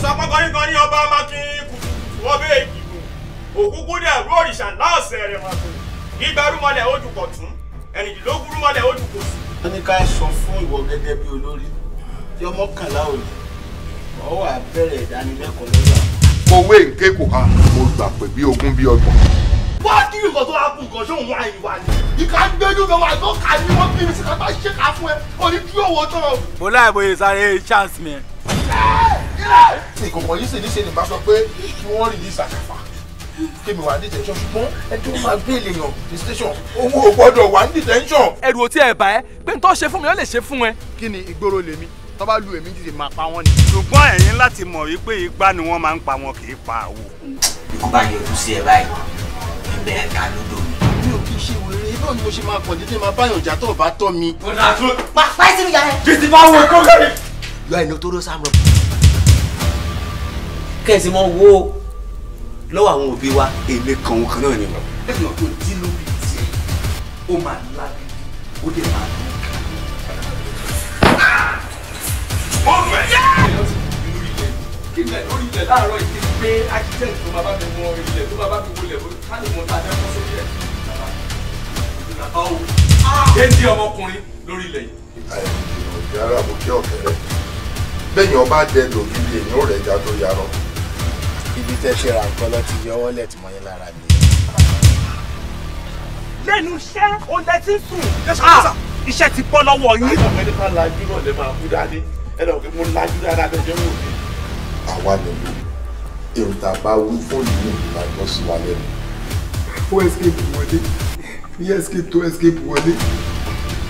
ọ̀sọ́pọ̀ kọ́ríkan ní ọba mákìnkù wọ́n bẹ́ẹ̀ ìgbìmọ̀ òkúkú dẹ̀ rú òrìṣà láọ̀sẹ̀ rẹ̀ máa tó gbígbárúmọlẹ̀ ojúkọ̀ tún ẹnìdínlógúnrúmọlẹ̀ ojúkọ̀ sí. wọ́n ní ká sọ fún ìwọ gẹ́gẹ́ bí olórí tí ọmọkànlá òní wọ́n wà bẹ̀rẹ̀ ìdánilẹ́kọ̀ọ́ lọ́wọ́. owó èké kò ha mo gbà pé bí ogún bí ọgbọ̀n. wá kí nǹkan tó hápù nǹkan ṣé òun àìwá ni ìka ń gbẹ́jú lọ́wọ́ àìsàn kà ní wọ́n bí mi sí ká ṣe ká fún ẹ orí kí òwò tán. mo láì bóyá sáré chance mi ìkọ̀kọ̀ yìí sì ní ṣe ní bá sọ pé kí wọ́n release Àkàfà kémi wà ní detention ṣùgbọ́n ẹjọ́ máa gbé èlèyàn ní station owó ò gbọ́dọ̀ wà ní detention. ẹrù ò tí ẹ bá ẹ pé n tó ṣe fún mi ó lè ṣe fún ẹ. kí ni ìgboro lèmi tó bá lu èmi jìjì máa pa wọn ni. ṣùgbọ́n ẹ̀yin láti mọ̀ wípé igbá ni wọ́n máa ń pa wọn kì í pa àwo. ikú bá yọjú sí ẹ báyìí ìbẹ̀rẹ̀ ta lódò mi. mi ò kì í ṣe wèrè náà ni mo ṣe máa kàn dédé máa báyọ̀ ìjà tó bá tọ́ mi. mo nà á tún. pa pa ẹ́ sínú yàrá ẹ̀. jìjì bá wọ kẹ́sì mọ́ wo lọ́wọ́ àwọn òbí wa èlé kan òun kan náà ni wọ́n. lẹ́yìn ọ̀dọ́ tí ló bí tiẹ̀ ó máa lábẹ́ ó dẹ̀ máa bí. mo fẹ́. kílẹ̀ lórí ilẹ̀ láàárọ̀ yìí ti gbé akitẹ́ni tó bá bá mi mọ ilẹ̀ tó bá bá mi ká lè mọ tá a dẹ́kun sórí ẹ̀. Géńdé ọmọkùnrin lórí ilẹ̀ yìí. Àyẹ̀wò ìyára mo kí ọ̀kẹ́rẹ́. Bẹ́ẹ̀ni ọba dẹ lòdì lè ní òrẹ́jà tó yarọ ibi tẹ́ ṣe ra nǹkan lọ ti yọ wọ́lẹ̀ tí mo yín lára mi. lẹ́nu iṣẹ́ olè ti sùn ah, iṣẹ́ ti bọ́ lọ́wọ́ yín. àwọn ẹni máa lajú náà lè máa kú dání ẹnì ọ̀gbìn mo lajú dáadáa lẹ́jọ́ wò ni. àwa lè lo èrò tá a bá wú fóònù yìí nígbà tó sì wà lẹ́nu. ó escape wọlé ní escape tó escape wọlé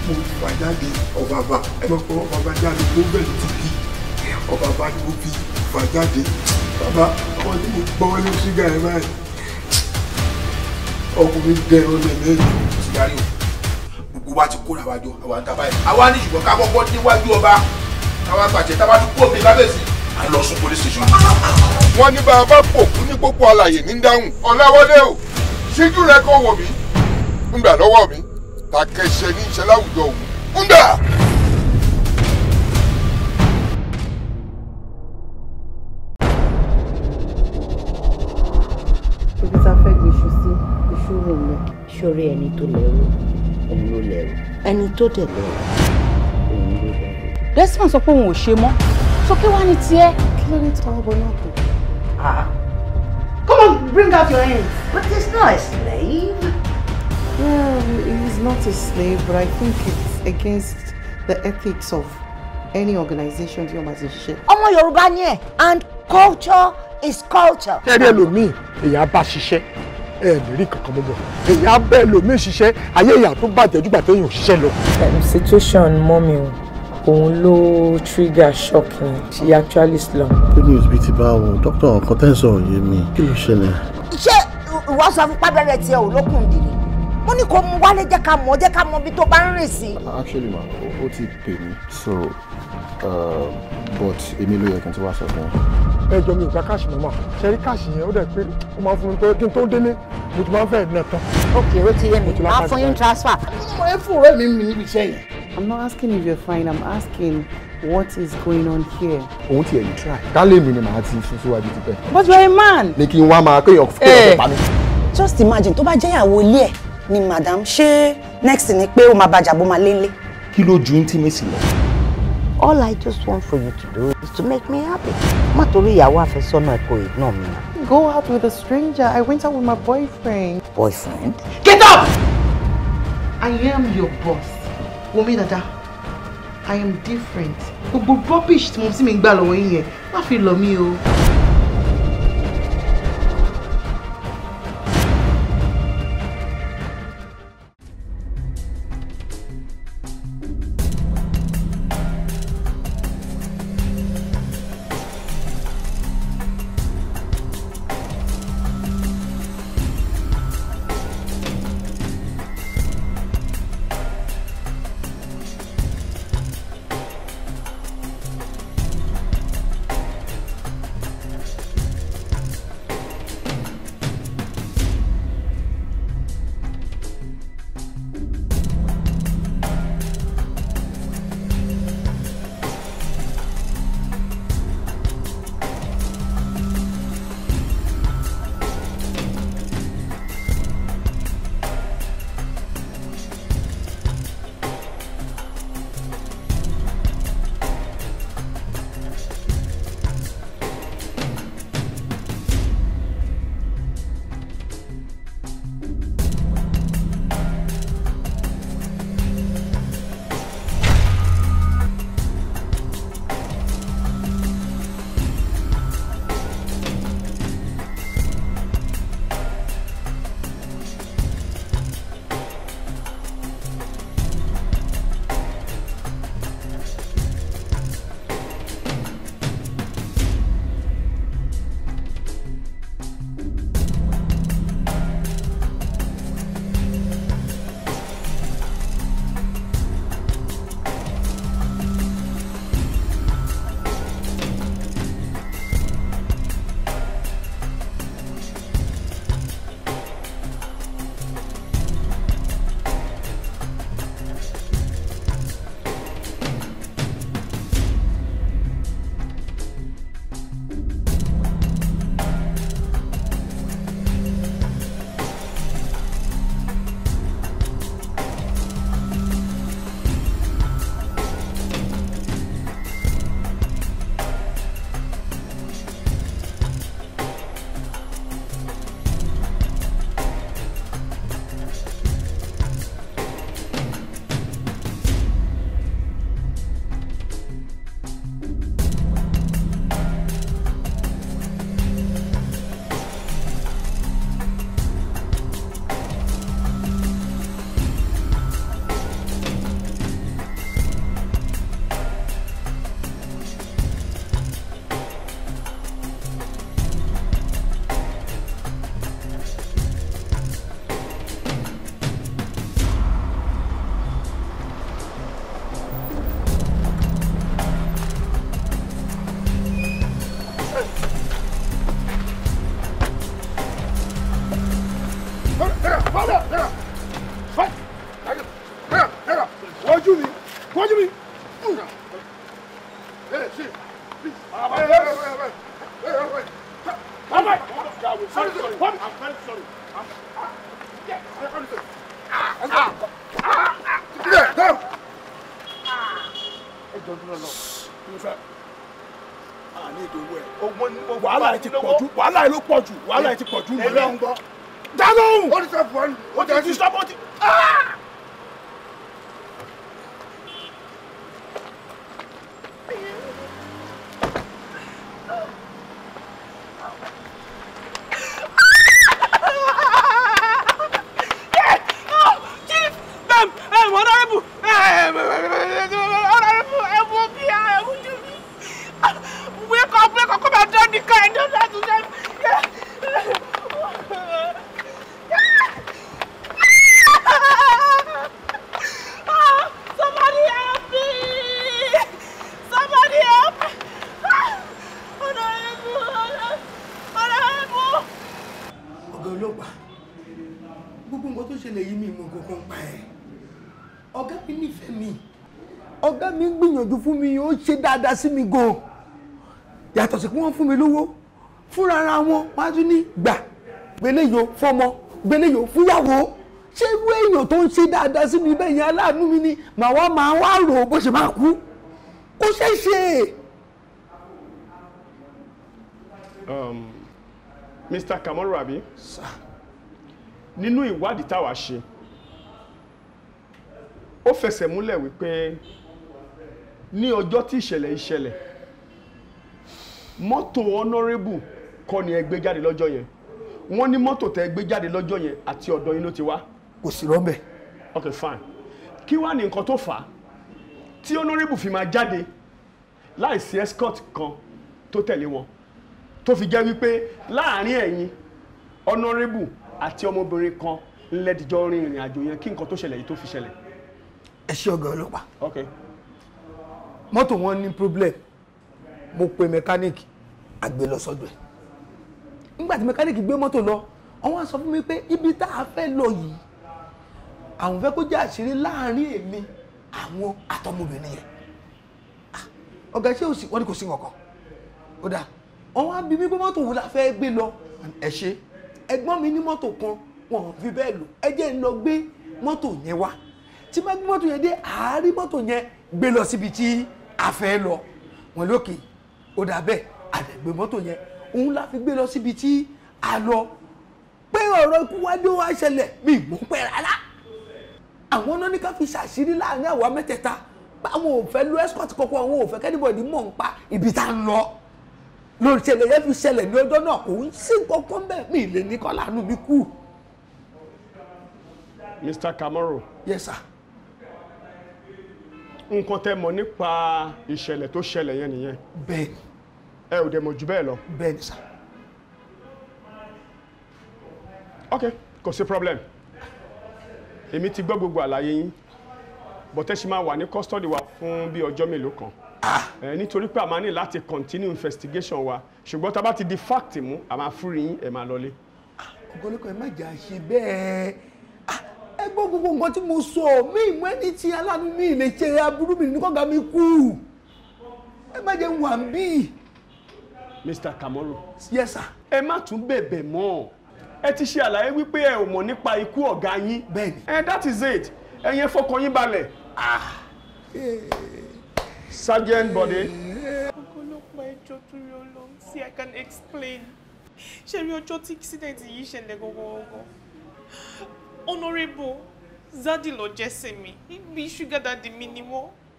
mo fà jáde ọ̀bàbà ẹ mọ̀ pé ọ̀bàbà jáde mo bẹ̀rẹ̀ ti bí ọ̀bàbà ni mo bí fà jáde bàbá ọmọ tí mo gbọ́ wọlé ṣúgà ẹ̀ báyìí ọkùnrin dẹ̀rọ lẹ́lẹ́ ìdarí o gbogbo wa ti kóra wa àwa ń ta báyìí àwa ní ṣùgbọ́n ká kọ́kọ́ níwájú ọba táwa gbàjẹ́ táwa tún kó mi lábẹ́sí à lọ sún police station. wọ́n ní bá a bá pòkú ní pópó alàyè ní dáhùn ọ̀làwọlé o ṣíjú rẹ kọ́ wọ̀ mí ń gbà lọ́wọ́ mi tàkẹ́ṣẹ́ ní ìṣẹ́ láwùjọ òun ń gbà. tá a fẹ́ gbé iṣu sí iṣu rò lẹ. sórí ẹni tó lẹ́rù òun ló lẹ́rù ẹni tó dẹ̀ lẹ́rù òun ló lẹ́rù. desmond sọ pé òun ò ṣe mọ́ sọ pé wàá ní tiẹ̀. kí ló ní tọwọ́ bọ náà kù. Ah. Come on, bring out your hands. But he's not a slave. Yeah, he's not a slave, but I think it's against the ethics of any organization tí wọ́n bá ti ṣe. ọmọ yorùbá ni ẹ and culture is culture. ẹ̀rí ẹlòmíì èèyàn bá ṣiṣẹ́ ẹ̀ lè rí kankan mọ́ bọ̀ èèyàn bá ẹlòmíì ṣiṣẹ́ ayé èèyàn tó bàjẹ́ jùgbà téèyàn ò ṣiṣẹ́ lọ. situation mọ́mi o òun ló trigger shock yẹn she actually slum. kí ni òsibí ti bá wọn dókítà ọkàn tẹ́ ń sọ̀rọ̀ yé mi kí ló ṣẹlẹ̀. ṣé ìwọ sọ fún pábẹ́rẹ́ tiẹ̀ ò lókun ìdílé mo ní kó mú wálé jẹ́ ká mọ̀ jẹ́ ká mọ̀ bí tó bá ń rìn sí. actually ma o ti pè mí so but èmi ló yẹ kí n ti wá sọ fún ọ. ẹ mi ò gba káàṣì mọ́mọ́ ṣe rí káàṣì yẹn ó dẹ̀ pé ó máa fún mi pé kí n mo ti máa ń fẹ́ ìdínà tán. ok o mi máa fún yín transfer. mo ẹ fún ọ̀rẹ́ mi mi níbi iṣẹ́ yẹn. i'm not asking if you're fine i'm asking what is going on here. òun ti ẹ̀yìn try. kálẹ̀ mi ni màá ti sún síwájú ti pẹ́. but you're a man. ni kí n wá máa kéèyàn kéèyàn eh. pa mí. just imagine To bá jẹ́ ìyàwó ilé ẹ̀ ni madam ṣé next ni pé ó máa bàjẹ́ àbó máa lé ńlé. kí ló ju intimacy lọ. All I just want for you to do is to make me happy. Má torí ìyàwó àfẹ́sọ́nà kò ignore mi. Go out with a stranger. I went out with my boyfriend. Boyfriend? Get up! I am your boss. Wunmi Dada, I am different. Gbogbo rubbish tí mo sì mi gbà lọ́wọ́ yín yẹn, má fi lọ mí o. wàhálà yìí ló pọ̀ jù wàhálà yìí ti pọ̀ jù dáadáa sí mi gan yàtọ̀ sí pé wọ́n fún mi lówó fúnra ara wọn wọ́n tún ní gbà gbéléyò fọmọ gbéléyò fúyàwó ṣé irú èèyàn tó ń ṣe dáadáa sí mi bẹ́ẹ̀ yẹn aláàánú mi ni màá máa wá rò ó bó ṣe máa kú kó ṣeé ṣe. Mr. Kamoru abi nínú ìwádìí táwa ṣe ó fẹsẹ̀ múlẹ̀ wípé ní ọjọ́ tí ìṣẹ̀lẹ̀ ìṣẹ̀lẹ̀ mọ́tò honourable kọ́ ni ẹ gbé jáde lọ́jọ́ yẹn wọ́n ní mọ́tò tẹ́ gbé jáde lọ́jọ́ yẹn àti ọ̀dọ̀ yín ló ti wá. kò sí rọ́ọ̀bẹ̀. ok fine kí wàá ní nǹkan tó fà á tí honourable fi máa jáde láìsí escort kan tó tẹ̀lé wọn tó fi jẹ́ wípé láàárín ẹ̀yin honourable àti ọmọbìnrin kan ńlẹ́dìjọ́ rin ìrìn àjò yẹn kí nǹkan tó ṣẹlẹ̀ yìí tó fi ṣẹlẹ̀. ẹ ṣé ọgá ọlọ́pàá. okay mọ́tò wọn ní problem mo pe mẹkáníìkì àgbẹ̀ lọ sọ́dọ̀ ẹ̀ nígbà tí mẹkáníìkì gbé mọ́tò lọ wọ́n sọ fún mi pé ibi tá a fẹ́ lọ yìí àwọn fẹ́ kó jẹ́ àṣírí láàrin èmi àwọn àtọmọbìnrin yẹn ah, ọ̀gá ṣé òsì wọ́n ní kò sí nǹkan ó dáa wọ́n wá bí mi pé mọ́tò wo la fẹ́ gbé lọ ẹ ṣe ẹ̀gbọ́n mi ní mọ́tò kan wọn ò fi bẹ́ẹ̀ lò ẹ jẹ́ ń lọ gbé mọ́tò yẹn wá tí má gbé mọ́tò yẹn dé àárí mọ́tò yẹn gbé lọ síbi tí afẹ́ lọ wọn lókè ó dà bẹ́ẹ̀ àdẹ̀gbẹ́ mọ́tò yẹn òun la fi gbé lọ síbi tí a lọ pé ọ̀rọ̀ ikú wá dé wá ṣẹlẹ̀ mi mọ̀ pẹ́ rárá àwọn náà ní ká fi ṣàṣírí láàrin àwa mẹ́tẹ̀ẹ̀ta àwọn ò fẹ́ lu escort kọ́kọ́ àwọn ò fẹ́ kẹ́nìbọ̀dì mọ̀ ń pa ibi tá a ń lọ lórí ṣẹlẹ̀ yẹn fi ṣẹlẹ̀ ní ọjọ́ náà kò ń sí kankan bẹ́ẹ̀ mi lè ní kọ́ láàánú mi kú. Mr. Kamoro. Yes, sir nǹkan tẹ́ mọ̀ nípa ìṣẹ̀lẹ̀ tó ṣẹlẹ̀ yẹn nìyẹn. bẹ́ẹ̀ni. ẹ ò dẹ̀ mọ̀ jù bẹ́ẹ̀ lọ. bẹ́ẹ̀ni sá. ok kò sí problem èmi ti gbọ́ gbogbo àlàyé yín bọ̀tẹ́ ṣì máa wà ní custody wa fún bí ọjọ́ mélòó kan ah. nítorí pé a máa ní láti continue investigation wa ṣùgbọ́n tá a bá ti di fact mú a máa fúri yín ẹ̀ máa lọlé. ọ̀gọ́lẹ́kọ̀ ah, ẹ má jà ṣe bẹ́ẹ̀ ẹ gbọ́ gbogbo nǹkan tí mo sọ mí ìmú ẹni tí aláàánú mi lè ṣe aburú mi nìkan ga mi kú ẹ má jẹ́ wà ń bí. Mr. Kamoru. yes sir. ẹ má tún bẹ̀bẹ̀ mọ́ ẹ ti ṣe àlàyé wípé ẹ ò mọ̀ nípa ikú ọ̀gá yín. bẹ́ẹ̀ni. ẹ eh, that is it ẹ yẹn fọkàn yín balẹ̀. ah. Sergeant Bode. ọ̀pọ̀lọpọ̀ ẹjọ́ tó rí ọlọ́run sí I can explain ṣe rí ọjọ́ tí accident yìí ṣẹlẹ̀ gbogbo ọgbọ́n Honorable Zadi ló jẹ́ sí mi bí sugar daddy mi ni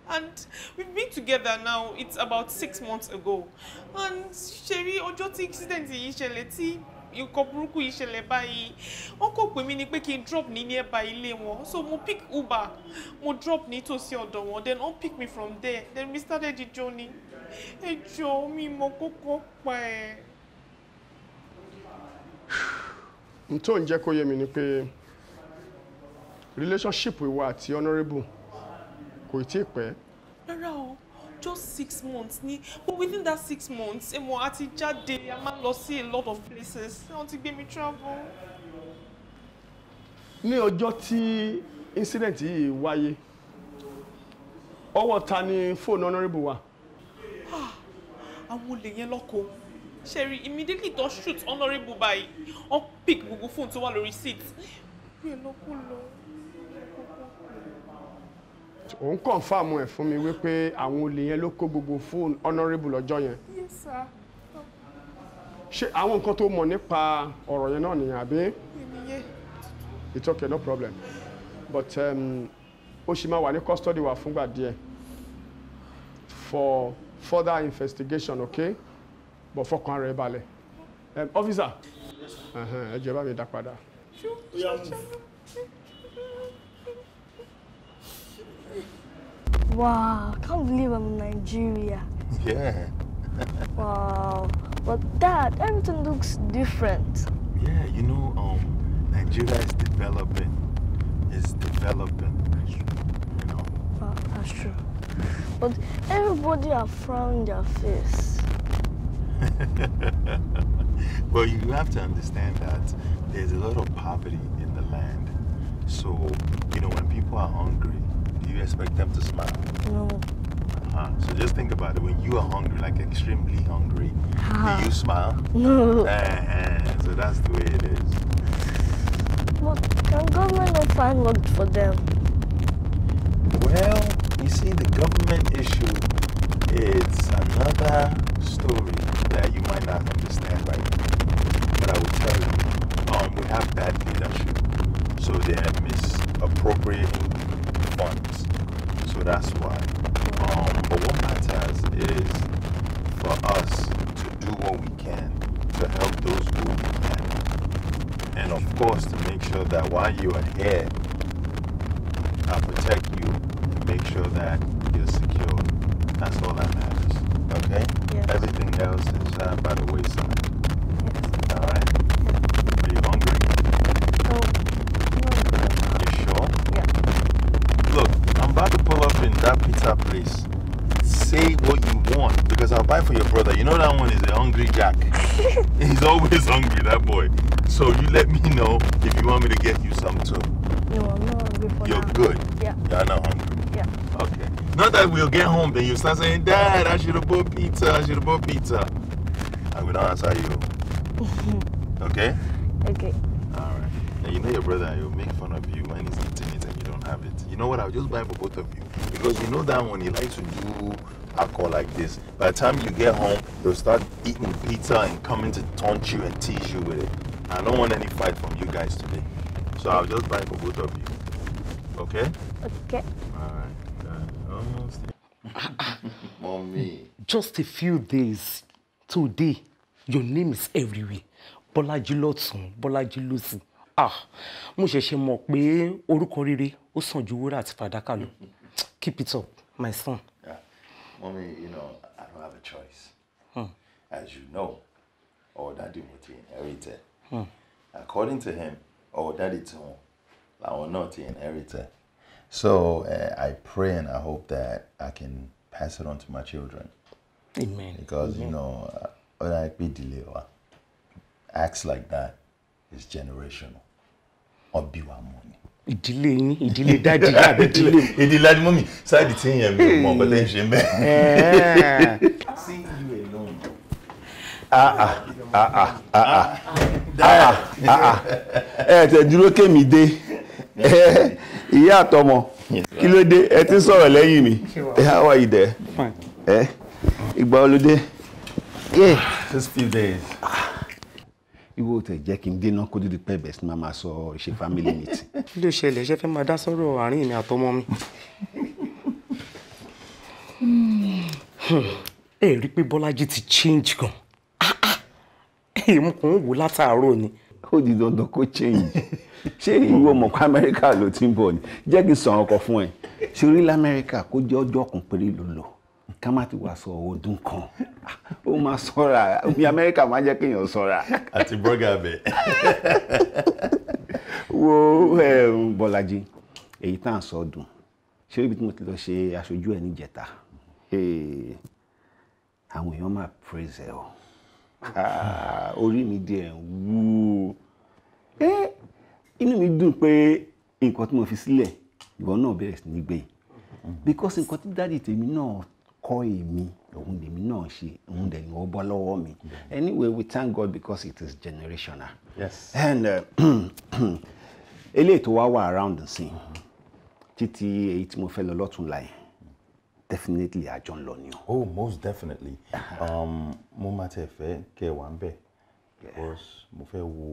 and we've been together now it's about six months ago and Sherry, ọjọ́ tí accident yìí ṣẹlẹ̀ tí nǹkan burúkú yìí ṣẹlẹ̀ báyìí wọ́n kò pè mí ni pé kí n drop ní nearby ilé wọn so mo pick uber mo drop to nítòsí ọ̀dọ̀ wọn then wọ́n pick me from there then we started the journey ẹ jọ mi mọ kókó pa ẹ. n tó ń jẹ́ kó yé mi ni pé. Pe relationship ìwà àti honourable kò tí ì pẹ́. rárá o just six months ni but within that six months èmo àti jáde a máa lọ sí a lot of places wọ́n ti gbé mi travel. ní ọjọ́ tí incident yìí wáyé ọwọ́ ta ni fóònù honourable wa. Ah, àwọn olè yẹn lọ́kọ̀ọ́ sherry immediately don shoot honourable by. on pick gbogbo fóònù tó wà lórí seat. bí e lọ kó lọ òun kọ̀ǹfàmù ẹ̀ fún mi wípé àwọn olè yẹn ló kó gbogbo fóònù honourable lọ́jọ́ yẹn. yes sir. ṣé àwọn nǹkan tó mọ̀ nípa ọ̀rọ̀ yẹn náà nìyẹn àbí. it's okay no problem but um, ó ṣì máa wà ní custody wa fúngbà díẹ̀ for further investigation okay but fọkàn rẹ balẹ̀. Um, officer ẹ jẹ́ bá mi dá padà. ṣé o ṣe Wow, I can't believe I'm in Nigeria. Yeah. wow. But Dad, everything looks different. Yeah, you know, um, Nigeria is developing. It's developing. You know. Wow, that's true. But everybody are frowning their face. well, you have to understand that there's a lot of poverty in the land. So, you know, when people are hungry, you expect them to smile? No. Uh-huh. So just think about it. When you are hungry, like extremely hungry, do ah. you smile? No. Uh-huh. So that's the way it is. Well, can government not find work for them? Well, you see, the government issue is another story that you might not understand right now. But I will tell you, um, we have bad leadership. So they're misappropriating funds. So that's why. Um, but what matters is for us to do what we can to help those who can. And of course, to make sure that while you are here, I protect you and make sure that you're secure. That's all that matters. Okay? Yes. Everything else is uh, by the wayside. buy for your brother. You know that one is a hungry jack. He's always hungry, that boy. So you let me know if you want me to get you some too. No, I'm not hungry for You're now. good? Yeah. You're not hungry? Yeah. Okay. Not that we'll get home, then you start saying, Dad, I should have bought pizza, I should have bought pizza. I will not answer you. okay? Okay. Alright. Now you know your brother, he'll make fun of you when he's eating it and you don't have it. You know what, I'll just buy for both of you. Because you know that one, he likes to do alcohol like this. By the time you get home, they'll start eating pizza and coming to taunt you and tease you with it. I don't want any fight from you guys today. So I'll just buy for both of you. Okay? Okay. Alright. Almost. Mommy. Just a few days. Today, your name is everywhere. Bola Jilotsun, Bola Jilusi. Ah, mo ṣẹ̀ṣẹ̀ mọ̀ pé orúkọ rere ó Keep it up, my son. Mommy, you know, I don't have a choice. Hmm. As you know, or daddy will ti inherit. Hmm. According to him, or daddy too. I will not inherit. So uh, I pray and I hope that I can pass it on to my children. Amen. Because, Amen. you know, when I be deliver. Acts like that is generational. Obiwa money. ìdílé yín ìdílé dáàdì àbí ìdílé. ìdílé adimọ́mì sáàdì tí yẹn mi mọ ọ̀pẹ tẹ́ ń ṣe mẹ́. sí ìlú ẹ̀ náà. ẹ tẹ dúró kémi dé ìyá àtọmọ kí ló dé ẹ ti sọ̀rọ̀ lẹ́yìn mi ẹ how are you there? ẹ ìgbà olóde. yeah. just few days ìwọ tẹ̀ jẹ́ kí n dènà kó dídí pẹ́ bẹ̀sí máa máa sọ ìṣe family meeting. kí ló ṣẹlẹ̀ ṣe fẹ́ máa dá sọ́rọ̀ àárín mi àtọmọ mi. Hmm. ẹ rí i pé bọ́lájí ti change gan èèmù ah, ah. kàn ń wò látàárọ̀ ni. ó di dandan kó change ṣé ìwọ mọ̀ pé amẹ́ríkà ló ti ń bọ̀ ni jẹ́ kí n sọ̀rọ̀ kan fún ẹ ṣe orílẹ̀ amẹ́ríkà kó jẹ́ ọjọ́ kan péré ló lò ká má ti wá sọ ọdún kan ó máa sọ́ra omi amẹ́ríkà máa jẹ́ kéèyàn sọ́ra. àti bọ́gà bẹ́ẹ̀. wo bọ́lájí èyí tá à ń sọ dùn ṣé ibi tí mo ti lọ ṣe aṣojú ẹ̀ níjẹta àwọn èèyàn máa praise ẹ o ah, orí mi díẹ̀ ń wú inú mi dùn pé nǹkan tí mo fi sílẹ̀ ìwọ náà bẹ̀rẹ̀ sí ní gbé because nǹkan tí dáàdì tèmi náà kọ́ èmi òun lèmi náà ṣe òun dẹ̀ ni wọ́n bọ́ lọ́wọ́ mi mm. anyway we thank God because it is generational yes. and uh, eléyìí tó wá wà around nsìn mm-hmm. títí èyí tí mo fẹ́ lọ lọ́tún láì definitely àjọ ń lọ ni o. oh most definitely uh-huh. um, mo máa tẹ̀ fẹ́ kẹ́ ń bẹ̀ because mo fẹ́ wo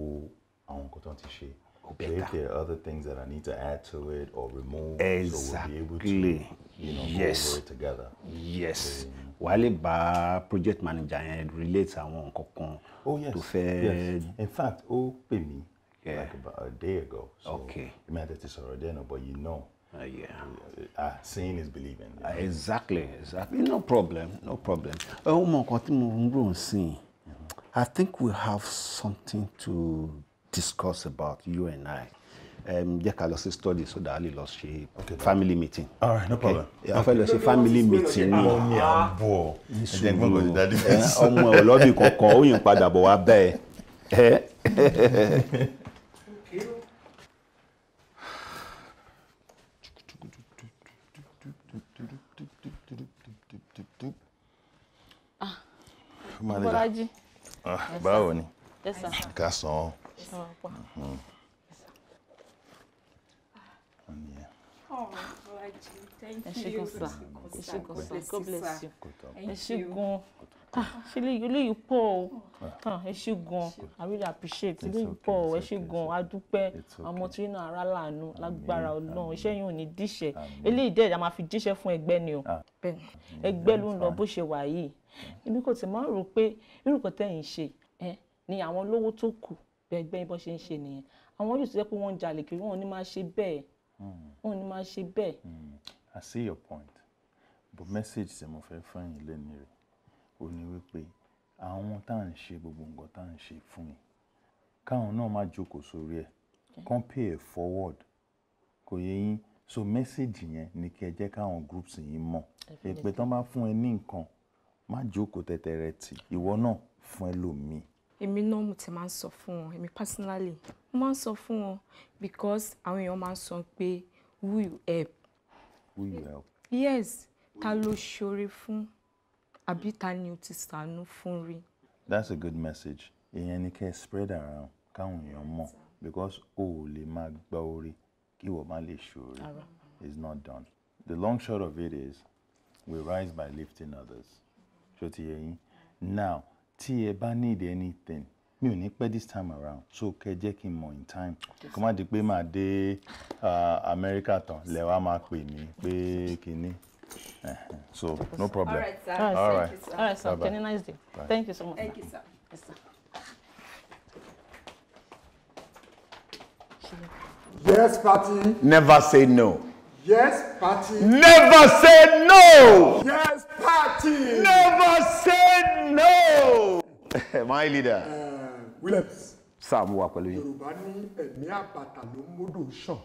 àwọn nǹkan tó ń ti ṣe. Better. If there are other things that I need to add to it or remove, exactly. so we'll be able to you know, yes. go over it together. Yes. While wà á project manager yẹn relate àwọn nǹkan kan oh, tó fẹ́. yes in fact oh pè mí like about a day ago so okay. It àti ti sọ̀rọ̀ díẹ̀ náà but you know ah, uh, yeah. uh, seeing is believing. You ah, know? uh, exactly exactly no problem no problem. Oh, mọ̀ nǹkan tí mo mm-hmm. I think we have something to discuss about you and I um, jẹ́ ká lọ sí study so that a lè lọ ṣe family meeting. all right no problem. a fẹ́ lọ ṣe family meeting ni. àwọn ni à ń bọ̀ ẹ̀jẹ̀ ń gbọ́dọ̀ dáadé fẹ́ sọ. ọmọ ọlọ́bì kankan ó yìn padà bọ̀ wá bẹ́ẹ̀. Ah. Ah, báwo ni ká sàn Yes. Mm-hmm. Oh, Raji, thank you. Ẹ ṣé gan sir. Ẹ ṣé gan sir. God bless you. Ẹ ṣé gan. Ṣé ilé yìí I really appreciate ilé yìí pọ̀ o. Ẹ ṣé gan. A dúpẹ́ ọmọ tí iná ara láàánú lágbára Ọlọ́run. Iṣẹ́ yìí ò ní díṣẹ́. Eléyìí dẹ̀ a máa fi díṣẹ́ fún ẹgbẹ́ ni o. Ah. Ẹgbẹ́ ló ń lọ bó ṣe wà yìí. Ibi kò tí máa ń rò pé irú kan tẹ̀yìn ṣe ni àwọn olówó tó kù gbẹ̀ngbẹ̀n bó ṣe ń ṣe nìyẹn àwọn yóò sọ pé wọ́n ń jalè kiri wọn ò ní máa ṣe bẹ́ẹ̀ hmm. wọn ò ní máa ṣe bẹ́ẹ̀. Hmm. I see your point but message tí mo fẹ́ fún yín lẹ́nu rẹ̀ ó ní wípé àwọn tá à ń ṣe gbogbo nǹkan tá à ń ṣe fún yín káwọn náà má jókòó sórí ẹ̀ kàn forward kò yẹ yín so message yẹn ni kí ẹ jẹ́ káwọn groups yín mọ̀ èpè tán bá fún ẹ ní nǹkan má jókòó tẹ̀tẹ̀rẹ̀ tì ìwọ náà fún ẹlòmíì èmi náà mo ti máa ń sọ fún wọn èmi personally mo máa ń sọ fún wọn because àwọn èèyàn máa ń sọ pé who you help. who you help. yes ta ló ṣoore fún àbí ta ni o ti ṣàánú fún rí. that's a good message ìyẹn ni kẹ́ ẹ spread around káwọn èèyàn mọ̀ because o ò lè máa gba orí kí ìwọ má lè ṣoore it's not done the long short of it is we rise by lifting others ṣó ti yẹ yín now tí ẹ bá need anything mi ò ní pẹ́ this time around so kẹ jẹ́ kí n mọ̀ in time kó má di pé màá dé America tán lẹ́wà máa pè mí pé kínní. so no problem. all right all right, all right. sir, all right, nice day thank you so much. thank you sir. Yes, party. Never say no. Yes, party. Never say no. Yes, party. Never say no. my leader. Uh, Williams. Sam, mo wà pẹ̀lú yín. Yorùbá ní ẹ̀mí àbàtà ló ń módò sàn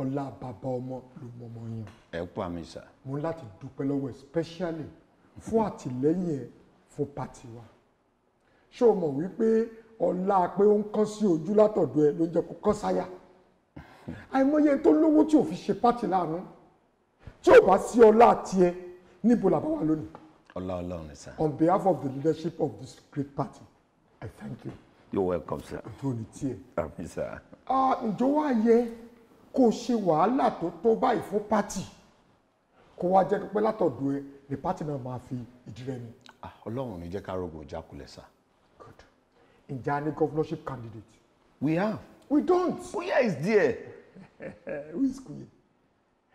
ọlá bàbá ọmọ ló mọ ọmọ yẹn. ẹ mo ń láti dúpẹ́ especially fún àtìlẹ́yìn ẹ̀ fún pàtì wa ṣé o mọ̀ wípé ọlá pé ó ń kán sí ojú látọ̀dọ̀ ẹ ló ń jẹ́ kó kán sáyà àìmọye tó lówó tí ò fi ṣe pàtì láàánú tí ò bá sí ọlá tiẹ̀ níbo làbá wà lónìí. Ọlá Ọlọ́run sir. On behalf of the leadership of this great party, I thank you. You're welcome sir. Ntoni tiẹ̀. Àmín sir. Ǹjọ́ wá yẹ kó o ṣe wàhálà tó tó báyìí fún pátì kó wá jẹ́ pé látọ̀dọ̀ ẹ ni pátì náà máa fi ìdí rẹ mi. Ah, Ọlọ́run ní jẹ́ ká rògbò jákulẹ̀ sir. Good. Ǹjẹ́ a ní governorship candidate? We have. We don't. Kuye oh, is there. Who is Kuye?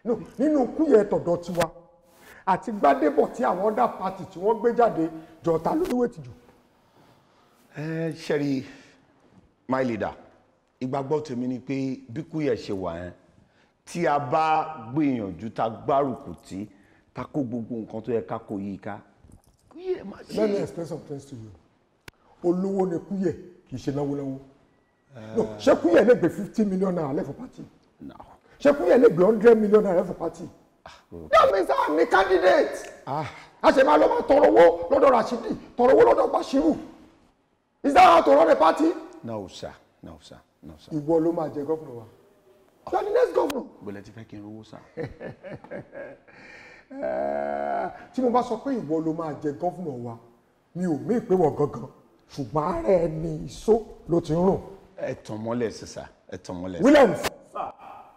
No, nínú Kuye tọ̀dọ̀ tiwa àti Gbádébọ̀ tí àwọn ọ̀dà pàtì tí wọ́n gbé jáde jọ̀ọ́ta lóníwèé tìjú. ẹ ṣẹ́rí my leader ìgbàgbọ́ tèmi ni pé bí Kúyẹ̀ ṣe wà yẹn tí a bá gbìyànjú ta gbárùkù tí ta kó gbogbo nǹkan tó yẹ ká kó yìí ká Kúyẹ̀ má ṣe. let me express some things to you olówó ni Kúyẹ̀ kì í ṣe náwó ṣé Kúyẹ̀ lè gbé fifty million naira lẹ́fọ̀ọ́ party. ṣé Kúyẹ̀ lè gbé hundred million naira lẹ́fọ̀ọ́ party. Ah, that means i'm a candidate ah. a ṣe máa lọ máa tọrọ owó lọ́dọ̀ Rashidi tọrọ owó lọ́dọ̀ Bashiru is that how to run a party. no sir no sir no sir. ìwọ ló máa jẹ gómìnà wa you are the next governor. gbọ́dọ̀ ti fẹ́ kí n rówó sá. tí mo bá sọ pé ìwọ ló máa jẹ gómìnà wa mi ò mí ìpéwọ̀ gangan ṣùgbọ́n ara ẹni ìṣó ló ti ń rùn. ẹ tàn mọ́lẹ̀ sísá ẹ tàn mọ́lẹ̀. Williams.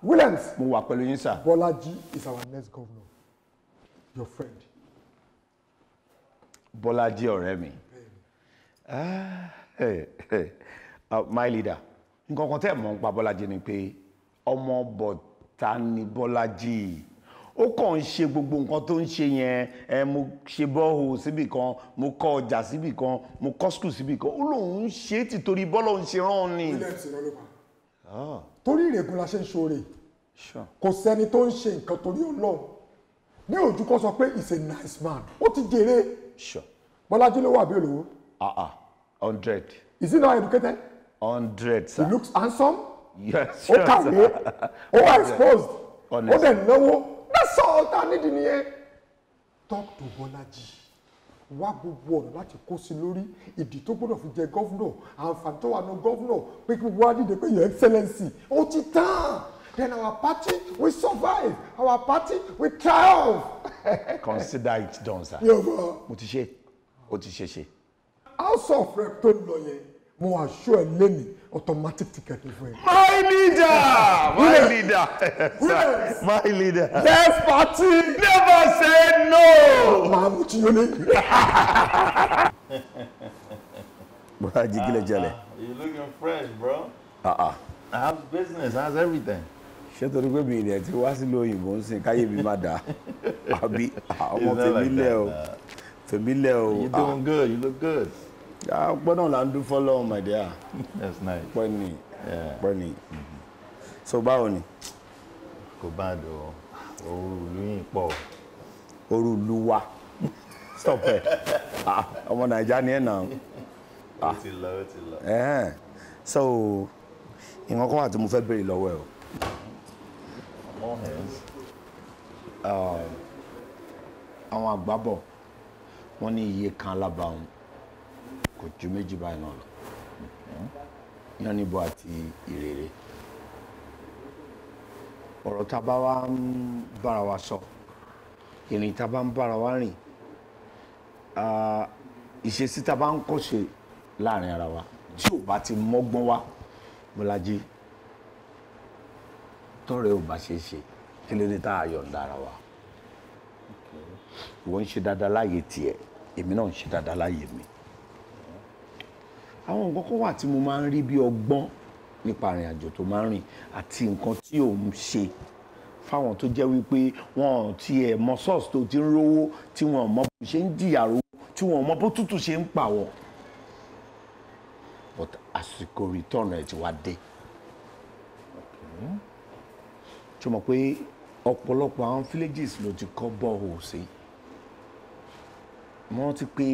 Williams. mo wà pẹ̀lú yín sà. Bọ́lájí is our next governor your friend. Bọ́lájí ọ̀rẹ́ mi ah, uh, my leader nǹkan kan tẹ́ mọ̀ ń pa Bọ́lájí ni pé ọmọ bọ̀tá ni Bọ́lájí ó kàn ń ṣe gbogbo nǹkan tó ń ṣe yẹn ẹ mo ṣe bọ́ọ̀hù síbì kan mo kọ́ ọjà síbì kan mo kọ́ skul síbì kan ó lóun ń ṣe é tìtorí bọ́ọ̀lù ń ṣe rán ni. Williams ló Ah. torí ìrègùn la ṣe ń ṣoore kò sẹ́ni tó ń ṣe nǹkan torí ọlọ́run ní ojú kan sọ pé he's a nice man ó ti jèrè bọ́lájí ló wà bí olówó. Ah, ah. hundred. is he not educated. hundred sir. he looks handsome. yes sure sir. ó kàwé ó wà exposed ó dẹ̀ náwó that's all ta nídìí nìyẹn talk to Bọ́lájí wá gbogbo ọ̀nà láti kó sí lórí ìdí tó gbọ́dọ̀ fi jẹ gọ́vnọ̀ àǹfààní tó wà ní gọ́vnọ̀ pé kí wọ́n á dìde pé your excellency ó ti tán then our party we survive our party we triumph. consider it done sir. yorùbá mo ti ṣe o ti ṣe ṣe. house of rep tó lọ yẹn mo assure ẹ lẹ́nìí automatic ticket ni fún ẹ. my leader my leader my leader. best party. never say no. màá mú tí yóò lé. bro ají kílẹ̀ jẹlẹ̀. you ah, ah, looking fresh bro. Uh -uh. how's business how's everything. She torí pé mi ilẹ̀ tí wá sílùú òyìnbó ń sìn káyé mi má dáa àbí ah, ọmọ fèmí lẹ o fèmí lẹ o. you doing good you look good. pẹ́ ah, náà là ń oh my dear. that's nice. pẹ́ ni so báwo ni. kò bá a dọ̀ ooru wa stop ah, ah. ẹ ọmọ nàìjíríà ni ẹ nà. ti so ìwọ̀n kan o. hands. àwọn àgbà bọ̀ wọ́n iye kan kò ju méjì báyìí náà lọ hmm? yánníbo àti ìrèrè ọ̀rọ̀ tá a bá wá ń bára wa sọ ìrìn tá a bá ń bára wa rìn ìṣesí tá a bá ń kọ́ ṣe láàrin ara wa tí ò bá ti mọ́gbọ́n wá Bọ́lájí tọrẹ ò bá ṣe é ṣe kí ló dé tá a yọ̀ǹda ara wa ìwọ ń ṣe dáadáa láàyè tiẹ̀ èmi náà ń ṣe dáadáa láàyè mi àwọn nǹkan kan wà tí mo máa ń rí bí ọgbọ́n nípa àrìn àjò tó máa ń rìn àti nǹkan tí òun ṣe fáwọn tó jẹ́ wípé wọn ò tiẹ̀ mọ sọ́ọ̀sì tó ti ń rówó tí wọn ò mọ bó ṣe ń jìyà rówó tí wọn ò mọ bó tútù ṣe ń pa wọ́n but àsìkò return ẹ̀ ti wá dé tó mọ̀ pé ọ̀pọ̀lọpọ̀ àwọn villages ló ti kọ́ bọ́ọ̀hù sí wọ́n ti pé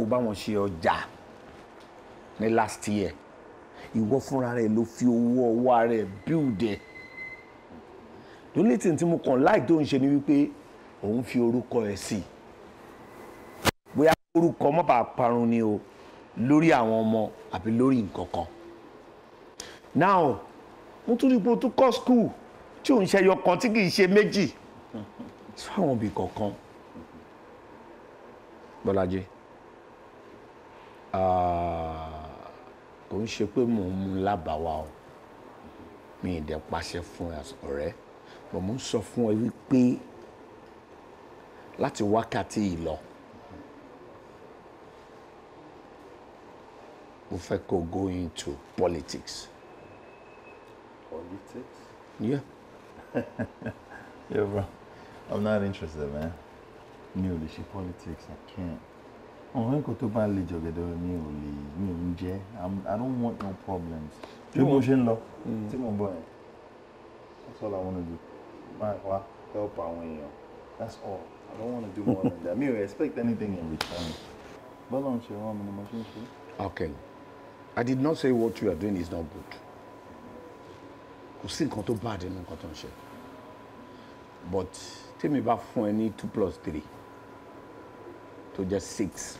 o bá wọn ṣe ọjà. Ja ní last year ìwọ fúnra rẹ ló fi owó ọwọ́ rẹ build ẹ the only thing tí mo kàn láì tó ń ṣe ni wípé òun fi orúkọ ẹ sí i bóyá orúkọ má bàa parun ni o lórí àwọn ọmọ àbí lórí nǹkan kan now mo tún rí ipò tó kọ́ school tí òun ṣe ẹyọ kan tí kì í ṣe méjì sọ àwọn òbí kọ̀ọ̀kan Bọ́lájí. Uh, kò ń ṣe pé mò ń mú lábàáwá o mi ì dẹ̀ pàṣẹ fún ọ̀rẹ́ mo mú sọ fún ẹ wípé láti wákàtí yìí lọ mo fẹ́ kó go into politics. Politics? Yeah. yeah, bro. I'm not interested, man. Mi ò lè ṣe politics. I can't àwọn nǹkan tó bá le jọ̀gẹ̀dẹ̀ mi ò lè mi ò ń jẹ́ i don't want no problems bí mo ṣe ń lọ mm. tí mo bọ̀ yẹn that's all i wanna do My wá help àwọn èèyàn that's all i don't wanna do more than that Me, ò expect anything in return bọ́lá ń ṣe rán mi ni mo ṣe ń ṣe. okay i did not say what you are doing is not good kò sí nǹkan tó bad nínú nǹkan tó ń ṣe but tèmi bá fún ẹ ní two plus three. To just six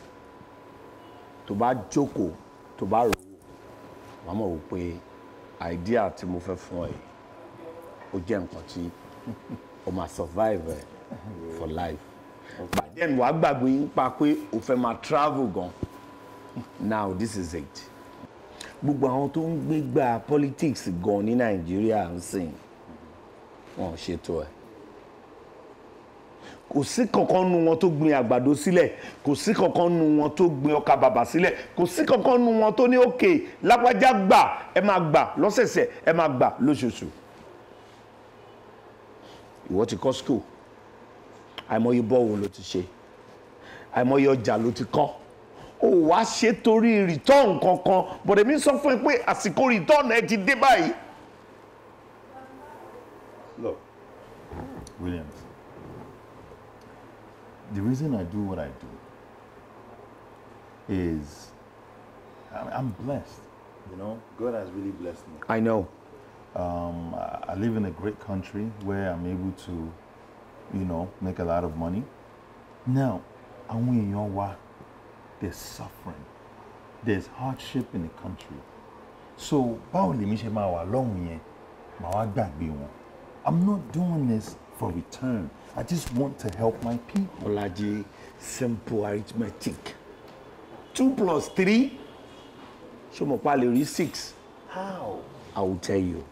tó bá jókòó tó bá rò wàá mọ̀ wípé idea tí mo fẹ́ fún ẹ ó jẹ́ nǹkan tí o máa survive for life but then wàá gbàgbé nípa pé o fẹ́ máa travel gan now this is it gbogbo àwọn tó ń gbégbá politics gan ní nàìjíríà ń sìn wọn ò ṣètò ẹ̀ kò sí kankan nu wọn tó gbin àgbàdo sílẹ̀ kò sí kankan nu wọn tó gbin ọkà bàbà sílẹ̀ kò sí kankan nu wọn tó ní òkè lápájá gbà ẹ máa gbà lọ́sẹ̀sẹ̀ ẹ máa gbà lóṣooṣù. ìwọ ti kọ́ school àìmọye bọ́ọ̀wù ló ti ṣe àìmọye ọjà ló ti kọ́ ó wá ṣe torí return kankan bọ̀dẹ̀mí sọ fún ẹ pé àsìkò return ẹ ti dé báyìí. Williams. the reason I do what I do is I'm blessed. You know, God has really blessed me. I know. Um, I live in a great country where I'm able to, you know, make a lot of money. Now, àwọn èèyàn your they There's suffering. There's hardship in the country. So, máa màá wọn. I'm not doing this for return. I just want to help my people. Olaji, simple arithmetic. Two plus three, Shomopale reach six. How? I will tell you.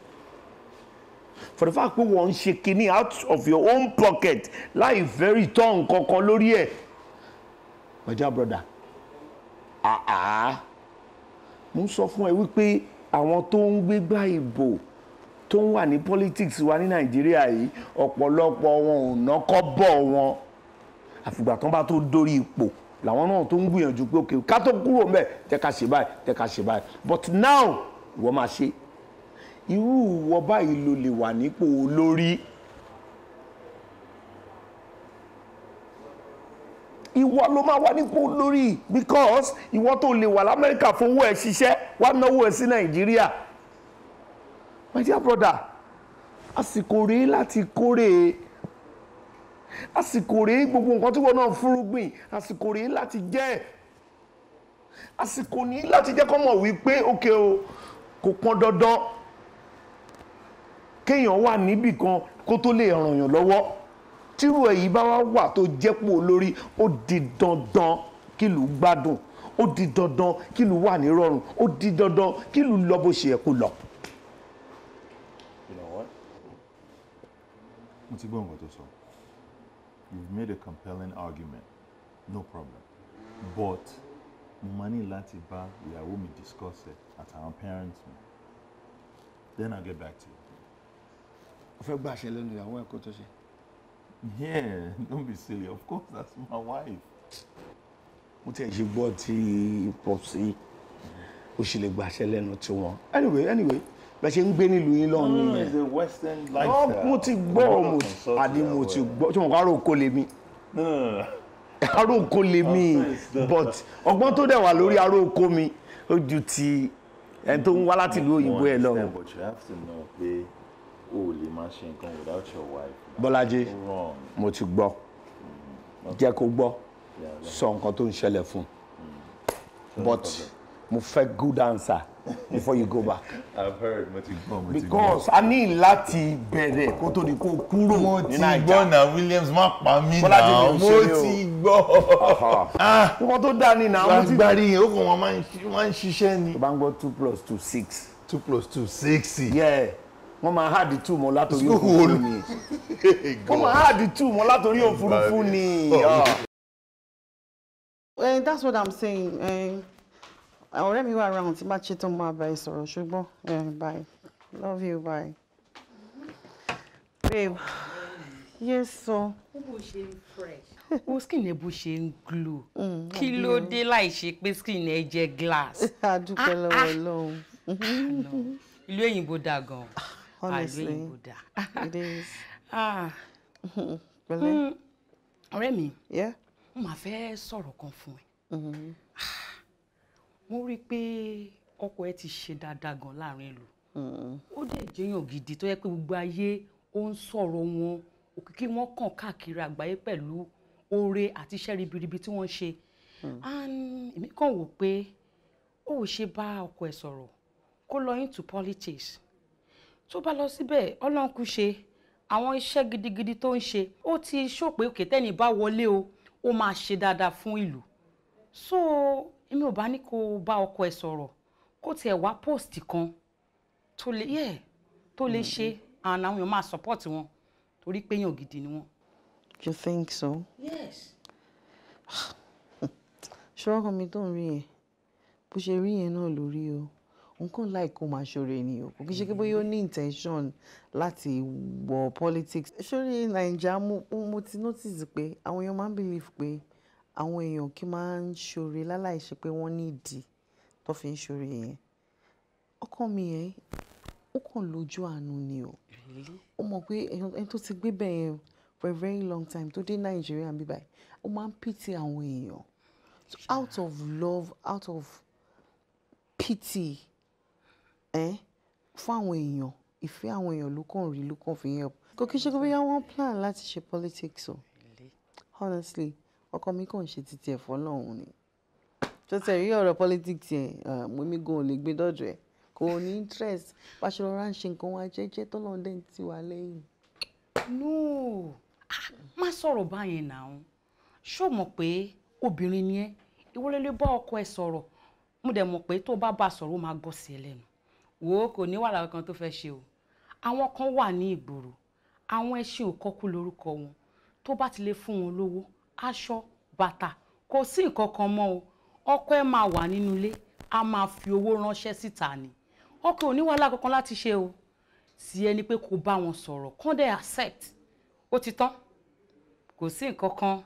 For the fact we wọ́n ń ṣe out of your own pocket Life very tán nǹkan kan lórí ẹ̀. Ọjà ah àá, mo ń sọ fún ẹ wípé àwọn tó ń tó ń wà ní politics wa ní nàìjíríà yìí ọ̀pọ̀lọpọ̀ wọn ò nákọ́ bọ̀ wọn àfìgbà kan bá tó dórí ipò làwọn náà tó ń gbìyànjú pé òkè ká tó kúrò mbẹ tẹka ṣe báyìí tẹka ṣe báyìí but now ìwọ máa ṣe irú ìwọ báyìí ló lè wà nípò olórí ìwọ ló máa wà nípò olórí because ìwọ tó lè wà lamẹ́ríkà fowó ẹ̀ ṣiṣẹ́ wà náwó ẹ̀ sí nàìjíríà my dear brother àsìkò rèé láti kórè àsìkò rèé gbogbo nǹkan tí wọn náà fúrúgbìn àsìkò rèé láti jẹ́ àsìkò ní láti jẹ́ kó mọ̀ wípé òkè o kò pọn dandan kéèyàn wà níbì kan kó tó lè ràn yàn lọ́wọ́ tírú èyí bá wá wà tó jẹ́pọ̀ olórí ó di dandan kílùú gbádùn ó di dandan kílùú wà nírọ̀rùn ó di dandan kílùú lọ bó ṣe yẹ kó lọ. mo ti gbọ́ nǹkan tó sọ you've made a compelling argument no problem but mo máa ní láti bá ìyàwó mi discuss it at our parents mi then I get back to you. o fẹ́ gbàṣẹ lẹ́nu ìyàwó ẹ̀ kó tó ṣe. yeah don't be silly of course that's my wife. mo tiẹ̀ ṣe gbọ́ tí ipò sí o ṣì lè gbàṣẹ lẹ́nu tiwọn anyway anyway bẹ́ẹ̀ ṣe ń gbé nílùú yín lọ́run mm, nìyẹn. it's a western lifestyle. mo ti gbọ́ mo àní mo ti gbọ́ tí mo kọ́ àrò kó lè mi. aróko lè mi but ọgbọ́n tó dẹ̀ wà lórí aróko mi ó ju ti ẹni tó ń wá láti ìlú òyìnbó ẹ lọ. but you have to know pé o lè máa ṣe without your wife. bọ́lájí mo ti gbọ́ mm-hmm. jẹ́ kó gbọ́ sọ nǹkan tó ń ṣẹlẹ̀ fún un mm. but mo fẹ́ good answer before you go back. I've heard mo gbọ́ mo gbọ́. because a ní láti bẹ̀rẹ̀ kó tó di kó kúrò ní Naija. mo gbọ́ na Williams má pa mí náà mo ti gbọ́. Ah. nǹkan tó dáa ni náà mo ti. yẹn ó kàn wọ́n máa ń ṣiṣẹ́ ni. tó bá ń gbọ́ two plus two six. two plus two six. yeah wọ́n máa háàdì tù mọ́ látòrí òfurufú ni wọ́n máa háàdì tù mọ́ látòrí òfurufú ni. that's what i'm saying. Uh, ọ̀rẹ́ mi wà round tí bá ṣe tó máa bá ẹ sọ̀rọ̀ ṣùgbọ́n bye love you bye. babe yes so. ó bó fresh. ó skin ẹ bó ṣe ń glow. Mm, kí ló dé láì pé skin ẹ jẹ glass. àdúpẹ́ ah, lọ́wọ́ ah. Ọlọ́run. ìlú òyìnbó dà gan-an. Ah, honestly ìlú òyìnbó dà. it is. pẹ̀lẹ́. Mm. ọ̀rẹ́ mi. mo máa fẹ́ sọ̀rọ̀ kan fún ẹ. Mm-hmm mo rí i pé ọkọ ẹ ti ṣe dáadáa gan láàrin ìlú hmm. ó dẹ̀ jẹ́yàn gidi tó yẹ pé gbogbo ayé ó ń sọ̀rọ̀ wọn òkìkí wọn kàn káàkiri àgbáyé pẹ̀lú oore àti iṣẹ́ ribiribi tí wọ́n ṣe hmm. èmi kàn wò pé ó ò ṣe bá ọkọ ẹ sọ̀rọ̀ kó lọ into politics tó bá lọ síbẹ̀ ọlọ́nkú ṣe àwọn iṣẹ́ gidigidi tó ń ṣe ó ti ṣòpé òkè tẹ́ni bá wọlé o ó máa ṣe dáadáa fún ìlú so èmi ò bá ní kó o bá ọkọ ẹ sọ̀rọ̀ kó tiẹ̀ wá post kan tó lè yẹ tó lè mm-hmm. ṣe and àwọn èèyàn máa support wọn torí pé èèyàn gidi ni wọn. you think so. yes. ṣọ́ọ́kàn mi tó ń rí yẹn bó ṣe rí yẹn náà ló rí o nǹkan láì kó máa ṣòro ènìyàn kò kí ṣe bóyá ó ní intention láti wọ politics. sórí nàìjíríà mo ti notice pé àwọn èèyàn máa ń believe pé àwọn èèyàn kì í máa ń ṣoore láláìṣẹ pé wọ́n ní ìdí tó fi ń ṣoore yẹn. Ọkọ mi yẹn, ó kàn lójú àánú ni o. Ó mọ̀ pé ẹni tó ti gbé bẹ́ẹ̀ yẹn for a very long time tó dé Nigeria bí báyìí, ó máa ń pity àwọn èèyàn. So out of love, out of pity, Eh? fún àwọn èèyàn, ìfẹ́ àwọn èèyàn ló kàn rí ló kàn fi help. Kò kí í ṣe pé bóyá wọ́n plan láti ṣe politics o. Honestly ọkọ mi kàn ń ṣe titi ẹ̀fọ́ lọ́hùn ni tó rí ọ̀rọ̀ politics yẹn mo mi gan ò lè gbé dọ́dọ̀ ẹ̀ kò ní interest pàṣẹlọ́ra ń nǹkan wa jẹ́jẹ́ tọ́lọ́dẹ̀ ń tì lẹ́yìn. no ah, má sọ̀rọ̀ báyẹn náà ṣó mọ̀ pé obìnrin ni ẹ́ ìwọlélé bá ọkọ ẹ sọ̀rọ̀ mo dẹ̀ mọ̀ pé tó bá bá sọ̀rọ̀ ó máa gbọ́ sí ẹ lẹ́nu wò ó kò ní wàhálà kan tó fẹ́ ṣe o àwọn kan wà ní ìgboro àwọn ẹṣin ò kọ́kú lórúkọ wọn tó bá ti lè fún wọn lówó aṣọ bàtà kò sí nǹkan kan mọ́ o ọkọ ẹ máa wà nínú ilé a máa fi owó ránṣẹ́ síta ni ọkọ ò ní wàhálà kankan láti ṣe o sì ẹni pé kò bá wọn sọ̀rọ̀ kán dẹ̀ accept ó ti tán kò sí nǹkan kan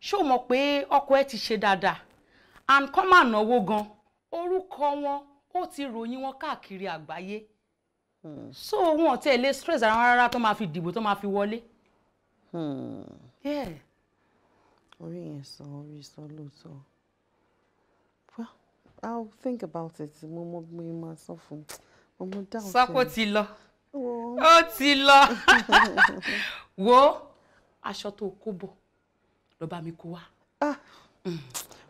ṣé o mọ̀ pé ọkọ ẹ ti ṣe dáadáa and kán máa náwó gan orúkọ wọn ó ti ròyìn wọn káàkiri àgbáyé hmm. so wọn ò tẹ̀lé stress ara wọn rárá tó máa fi dìbò tó máa fi wọlé. Hmm. Yeah orí yẹn sọ orí sọ lóòótọ́ well i'll think about it mo mọ bí mo máa sọ fún mo mọ dáhùn sí i. sọ pé ó ti lọ ó ti lọ wo aṣọ tó kó bọ̀ lọ bá mi kó wá. Ah!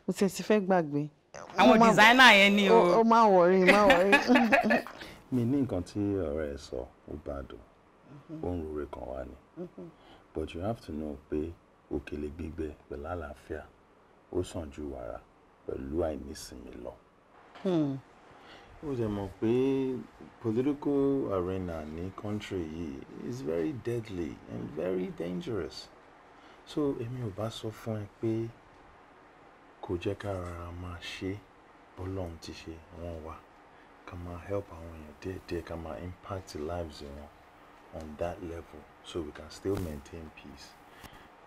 mo tiẹ̀ ti fẹ́ gbàgbé. àwọn dìsáínà yẹn ni o. ó má wọrí má wọrí. mi ní nǹkan tí ọ̀rẹ́ ẹ sọ ó bá dùn mhm. ó ń rure kan wá ni mhm. but you have to know pé. Pay òkèlè gbígbẹ pẹ̀lú àlàáfíà ó sàn ju wàrà pẹ̀lú àìnísinmi lọ. Hmm. ó jẹ́ mọ̀ pé political arena ní country yìí is very deadly and very dangerous so èmi ò bá sọ fún ẹ pé kò jẹ́ ká rárá máa ṣe bọ́lọ́run ti ṣe wọ́n wá ká máa help àwọn èèyàn díẹ̀díẹ̀ ká máa impact lives wọn on that level so we can still maintain peace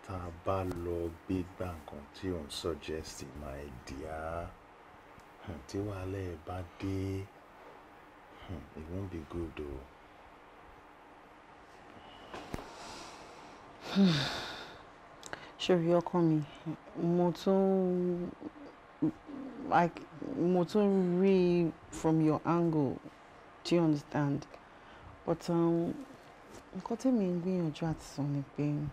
ta bá lọ gbégbá nǹkan tí ò ń suggest my dear, tí wàhálà ẹ bá dé, it won't be good o. Ṣorí ọkọ mi, mo tún like mo tún rí from your angle, do you understand? But um, nǹkan tí mi ń gbìyànjú àti sọ ni pé. Um,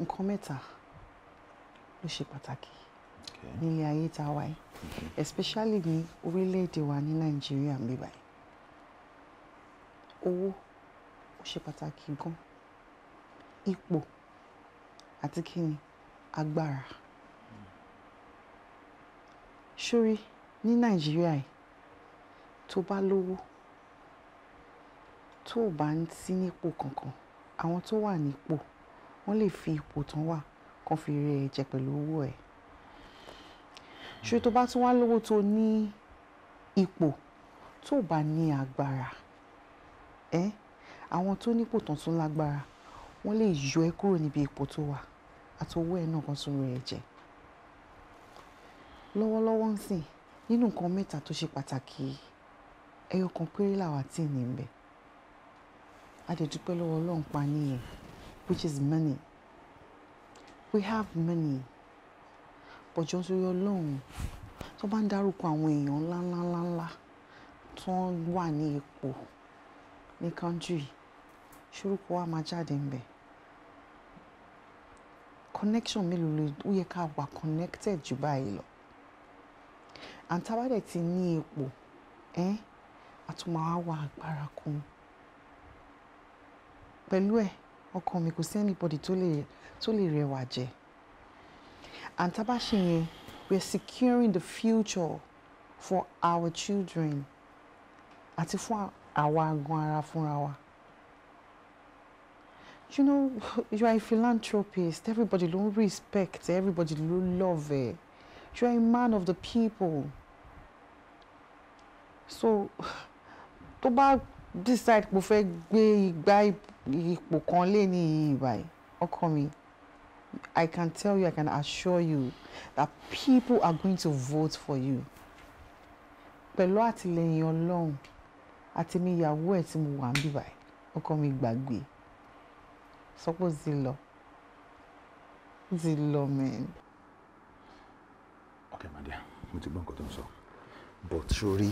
nǹkan mẹ́ta ló ṣe pàtàkì nílé ayé tá a wà yìí mm-hmm. especially ní orílẹ̀-èdè wa ní nàìjíríà ń bí báyìí owó ó ṣe pàtàkì gan ipò àti kíni agbára sórí ní nàìjíríà yìí tó bá lówó tó o bá ń sí nípò kankan àwọn tó wà nípò wọ́n lè fi ipò tán wà kàn fi rẹ jẹ pẹ̀lú owó ẹ̀ ṣé tó bá tún wá lówó tó ní ipò tó bá ní agbára ẹ àwọn tó nípò tán tún lágbára wọ́n lè yọ ẹ́ kúrò níbi ipò tó wà àti owó ẹ̀ náà kan tún rẹ jẹ lọ́wọ́lọ́wọ́ ń sìn nínú nǹkan mẹ́ta tó ṣe pàtàkì ẹyọ kan péré làwa tí ì ní bẹ̀ a dẹ̀ dúpẹ́ lọ́wọ́ Ọlọ́run pa nìyẹn which is money. We have money. But just nítorí Ọlọ́run tó bá ń dárúkọ àwọn èèyàn ńláńláńláńlá tó wà ní ipò ní country ṣorúkọ wa máa jáde ńbẹ̀ connection mélòó ló ó yẹ ká wà connected jù báyìí lọ àǹtàwádẹ ti ní ipò ẹ àtúmọ̀ àwa agbára kún pẹ̀lú ẹ̀ ọkàn mi kò sí anybody tó lè tó lè jẹ and tá a bá ṣe yẹn we are securing the future for our children àti fún àwa gan ara fúnra wa. You know, you are a philanthropist. Everybody ló respect. Everybody ló love. You are a man of the people. So, tó bá decide pé o fẹ́ gbé igbá ipò kan lé ní ìbàyí ọkọ mi I can tell you I can assure you that people are going to vote for you pẹ̀lú àtìlẹyìn Ọlọ́run àti mi ìyàwó ẹ̀ tí mo wà níbí báyìí ọkọ mi gbàgbé sọpọ́ ti lọ ti lọ mẹ́rin. ok my dear mo ti gbọ́ nǹkan tó ń sọ but sori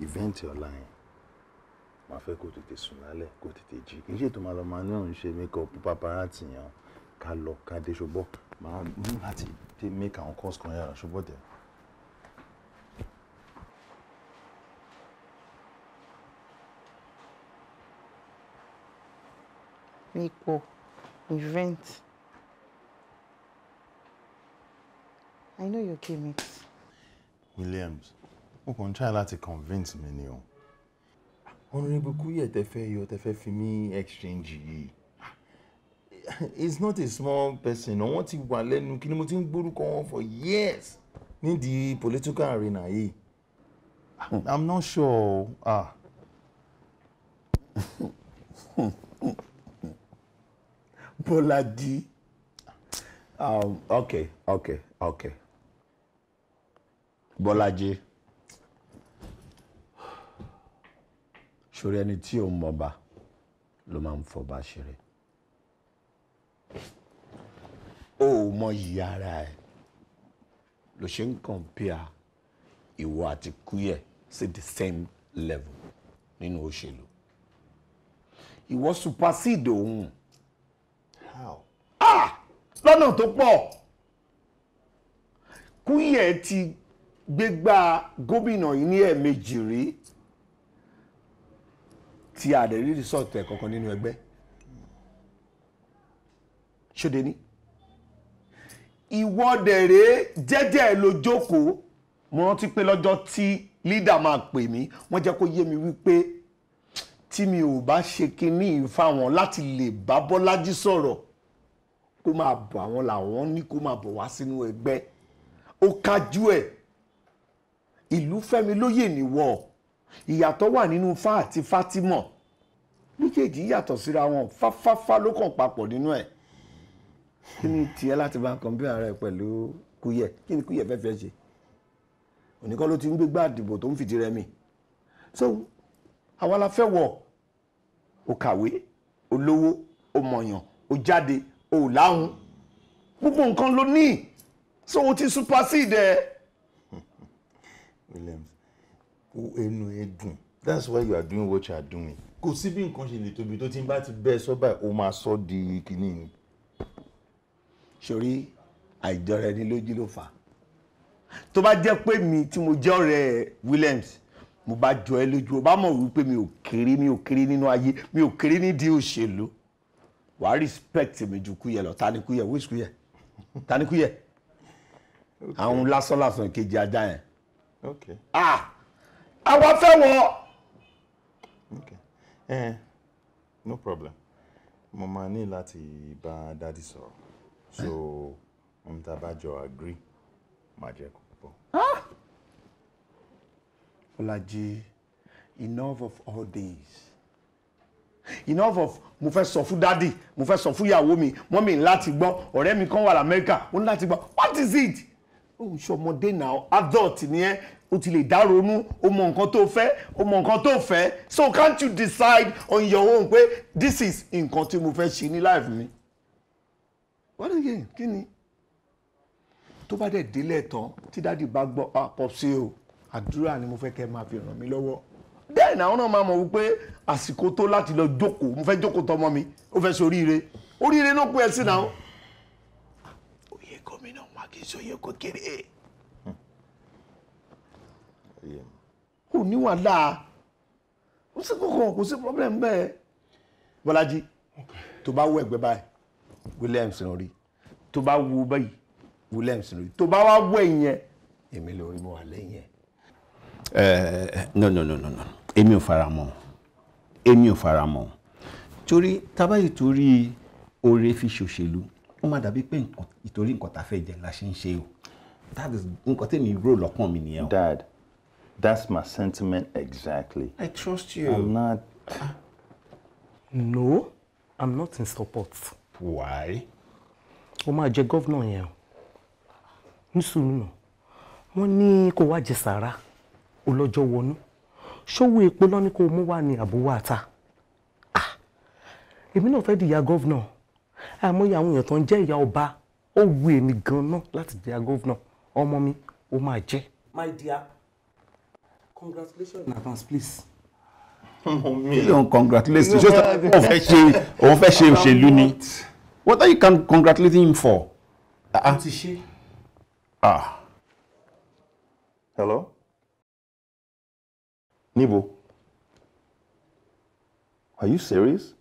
event ọ̀la yẹn máa fẹ́ kó tètè sùn lálẹ́ kó tètè jí kì í ṣètò máa lọ máa ní òun ṣe makeup paparazzi yẹn ká lọ ká dé ṣubọ́ máa ní láti dé make àwọn course kan yàrá ṣubọ́ jẹ́. nípò event I know your came it. Williams o kàn ń try láti convince mi ni o. Honorable Kuye Tefeyo Tefefimi exchange yìí ah, it's not a small person wọ́n ti wà lẹ́nu kí ni mo ti ń gbórúkọ wọn for years ní the political arena yìí hmm. i'm not sure ah. Bọ́lájí um, ah, okay okay okay Bọ́lájí. ṣòro ẹni tí ò ń mọba ló máa ń fọba ṣeré ó mọyì ara ẹ ló ṣe ń kọ̀ǹpìà ìwọ àti kúyẹ̀ sí the same level nínú òṣèlú ìwọ supersede òun how ah lọ́nà tó pọ̀ kúyẹ̀ ti gbégbá gómìnà yìí ní ẹ̀ẹ̀mejì rí tí a dẹ̀ rí resort ẹ̀ kankan nínú ẹgbẹ́ ṣóde ní ìwọ dẹ̀ rèé jẹ́jẹ́ ló jókòó mo rántí pé lọ́jọ́ tí lídà máa pè mí wọ́n jẹ́ kó yé mi wípé tí mi ò bá ṣe kinní fáwọn láti lè bá Bọ́lájí sọ̀rọ̀ kó máa bọ̀ àwọn làwọn ní kó máa bọ̀ wá sínú ẹgbẹ́ ó kájú ẹ̀ ìlú fẹ́mi lóyè nìwọ ìyàtọ̀ wà nínú fa àti fatima méjèèjì yàtọ̀ síra wọn fáfáfá ló kàn papọ̀ nínú ẹ̀ kí ni tiẹ̀ láti bá kan bí ara ẹ̀ pẹ̀lú kúyẹ̀ kí ni kúyẹ̀ fẹ́ẹ́ fẹ́ ṣe oníkan ló ti ń gbégbá àdìbò tó ń fìdí rẹmi so àwa la fẹ́ wọ̀ o kàwé o lówó o mọ̀yàn o jáde o láhùn gbogbo nǹkan ló ní so o ti supersede ẹ. Williams ẹnu ẹ dùn that's why you are doing what you are doing kò sí bí nǹkan ṣe lè tóbi tó ti ń bá ti bẹ́ẹ̀ sọ báyìí ó máa sọ di kìíní ni. sori àìjọra ẹni lójú ló fà á tó bá jẹ́ pé mi tí mo jẹ́ ọ̀rẹ́ Williams mo bá jọ ẹ lójú o bá mọ̀ wípé mi ò kéré mi ò kéré nínú ayé mi ò kéré nídìí òṣèlú wàá respect mi ju kúyẹ lọ ta ni kúyẹ wíṣ kúyẹ ta ni kúyẹ àwọn lásán lásán ìkejì ajá yẹn. okay. ah àwa fẹ́ wọn. okay eh, no problem mo máa ní láti bá dádì sọ̀rọ̀ so ohun tá a bá jọ agree máa jẹ́ kó pọ̀. Ah! Ọlájí enough of all days enough of mo fẹ́ sọ fún dádì mo fẹ́ sọ fún ìyàwó mi wọ́n mi láti gbọ́ ọ̀rẹ́ mi kan wà lamẹ́ríkà ó ní láti gbọ́ what is it? Oh, ń ṣọmọdé now. adult ni ẹ o ti lè dá ronú o mọ nǹkan tó fẹ́ o mọ nǹkan tó fẹ́ so can't you decide on your own pé this is nǹkan tí mo fẹ́ ṣe ní life mi. wọ́n ní yẹn kí ni tó bá dẹ̀ délẹ̀ tán tí dáàdi bá gbọ́ àpọ̀ ah, sí o àdúrà ni mo fẹ́ kẹ́ máa fi ràn mí lọ́wọ́ then àwọn náà máa mọ̀ wípé àsìkò tó láti lọ jókòó mo fẹ́ jókòó tọmọ mi ó fẹ́ ṣoríire oríire ló pẹ́ sí náà. òye gómìnà wákìsí òye kékeré. kò ní wàhálà kò sí kankan kò sí problem bẹ́ẹ̀. Bọ́lájí tó bá wo ẹ̀gbẹ́ báyìí Williams ń rí tó bá wo báyìí Williams ń rí tó bá wá wo ìyẹn èmi lórí mo wà lẹ́yìn ẹ̀. Uh, eh, no no no no no èmi ò fara mọ́ èmi ò fara mọ́ torí tábà ìtorí oore fi ṣòṣèlú ó má dàbí pé ìtorí nǹkan tá a fẹ́ jẹ la ṣe ń ṣe o that nǹkan tèmi rò lọ́kàn mi nìyẹn o. dad That's my sentiment exactly. I trust you. I'm not. No, I'm not in support. Why? Oma je jẹ gọ́vnà yẹn o. Nísùúrù nà. Wọ́n ní kó wá jẹ sàrà. Olọ́jọ́ wọnú. Ṣówó epo lọ́ní kó mú wá ní àbúwá ata. Ah, èmi náà fẹ́ di ìyá gọ́vnà. Àmọ́ ìyá àwọn èèyàn tó je. jẹ́ ìyá ọba. wu èmi gan-an láti jẹ́ gọ́vnà. Ọmọ mi, ó máa jẹ́. My dear, congratulations in advance please. million congratulations ṣé uh, òun fẹ́ ṣe òun fẹ́ ṣe òṣèlú ni what are you can congratulate him for. ó ti ṣe. ah hello níbo are you serious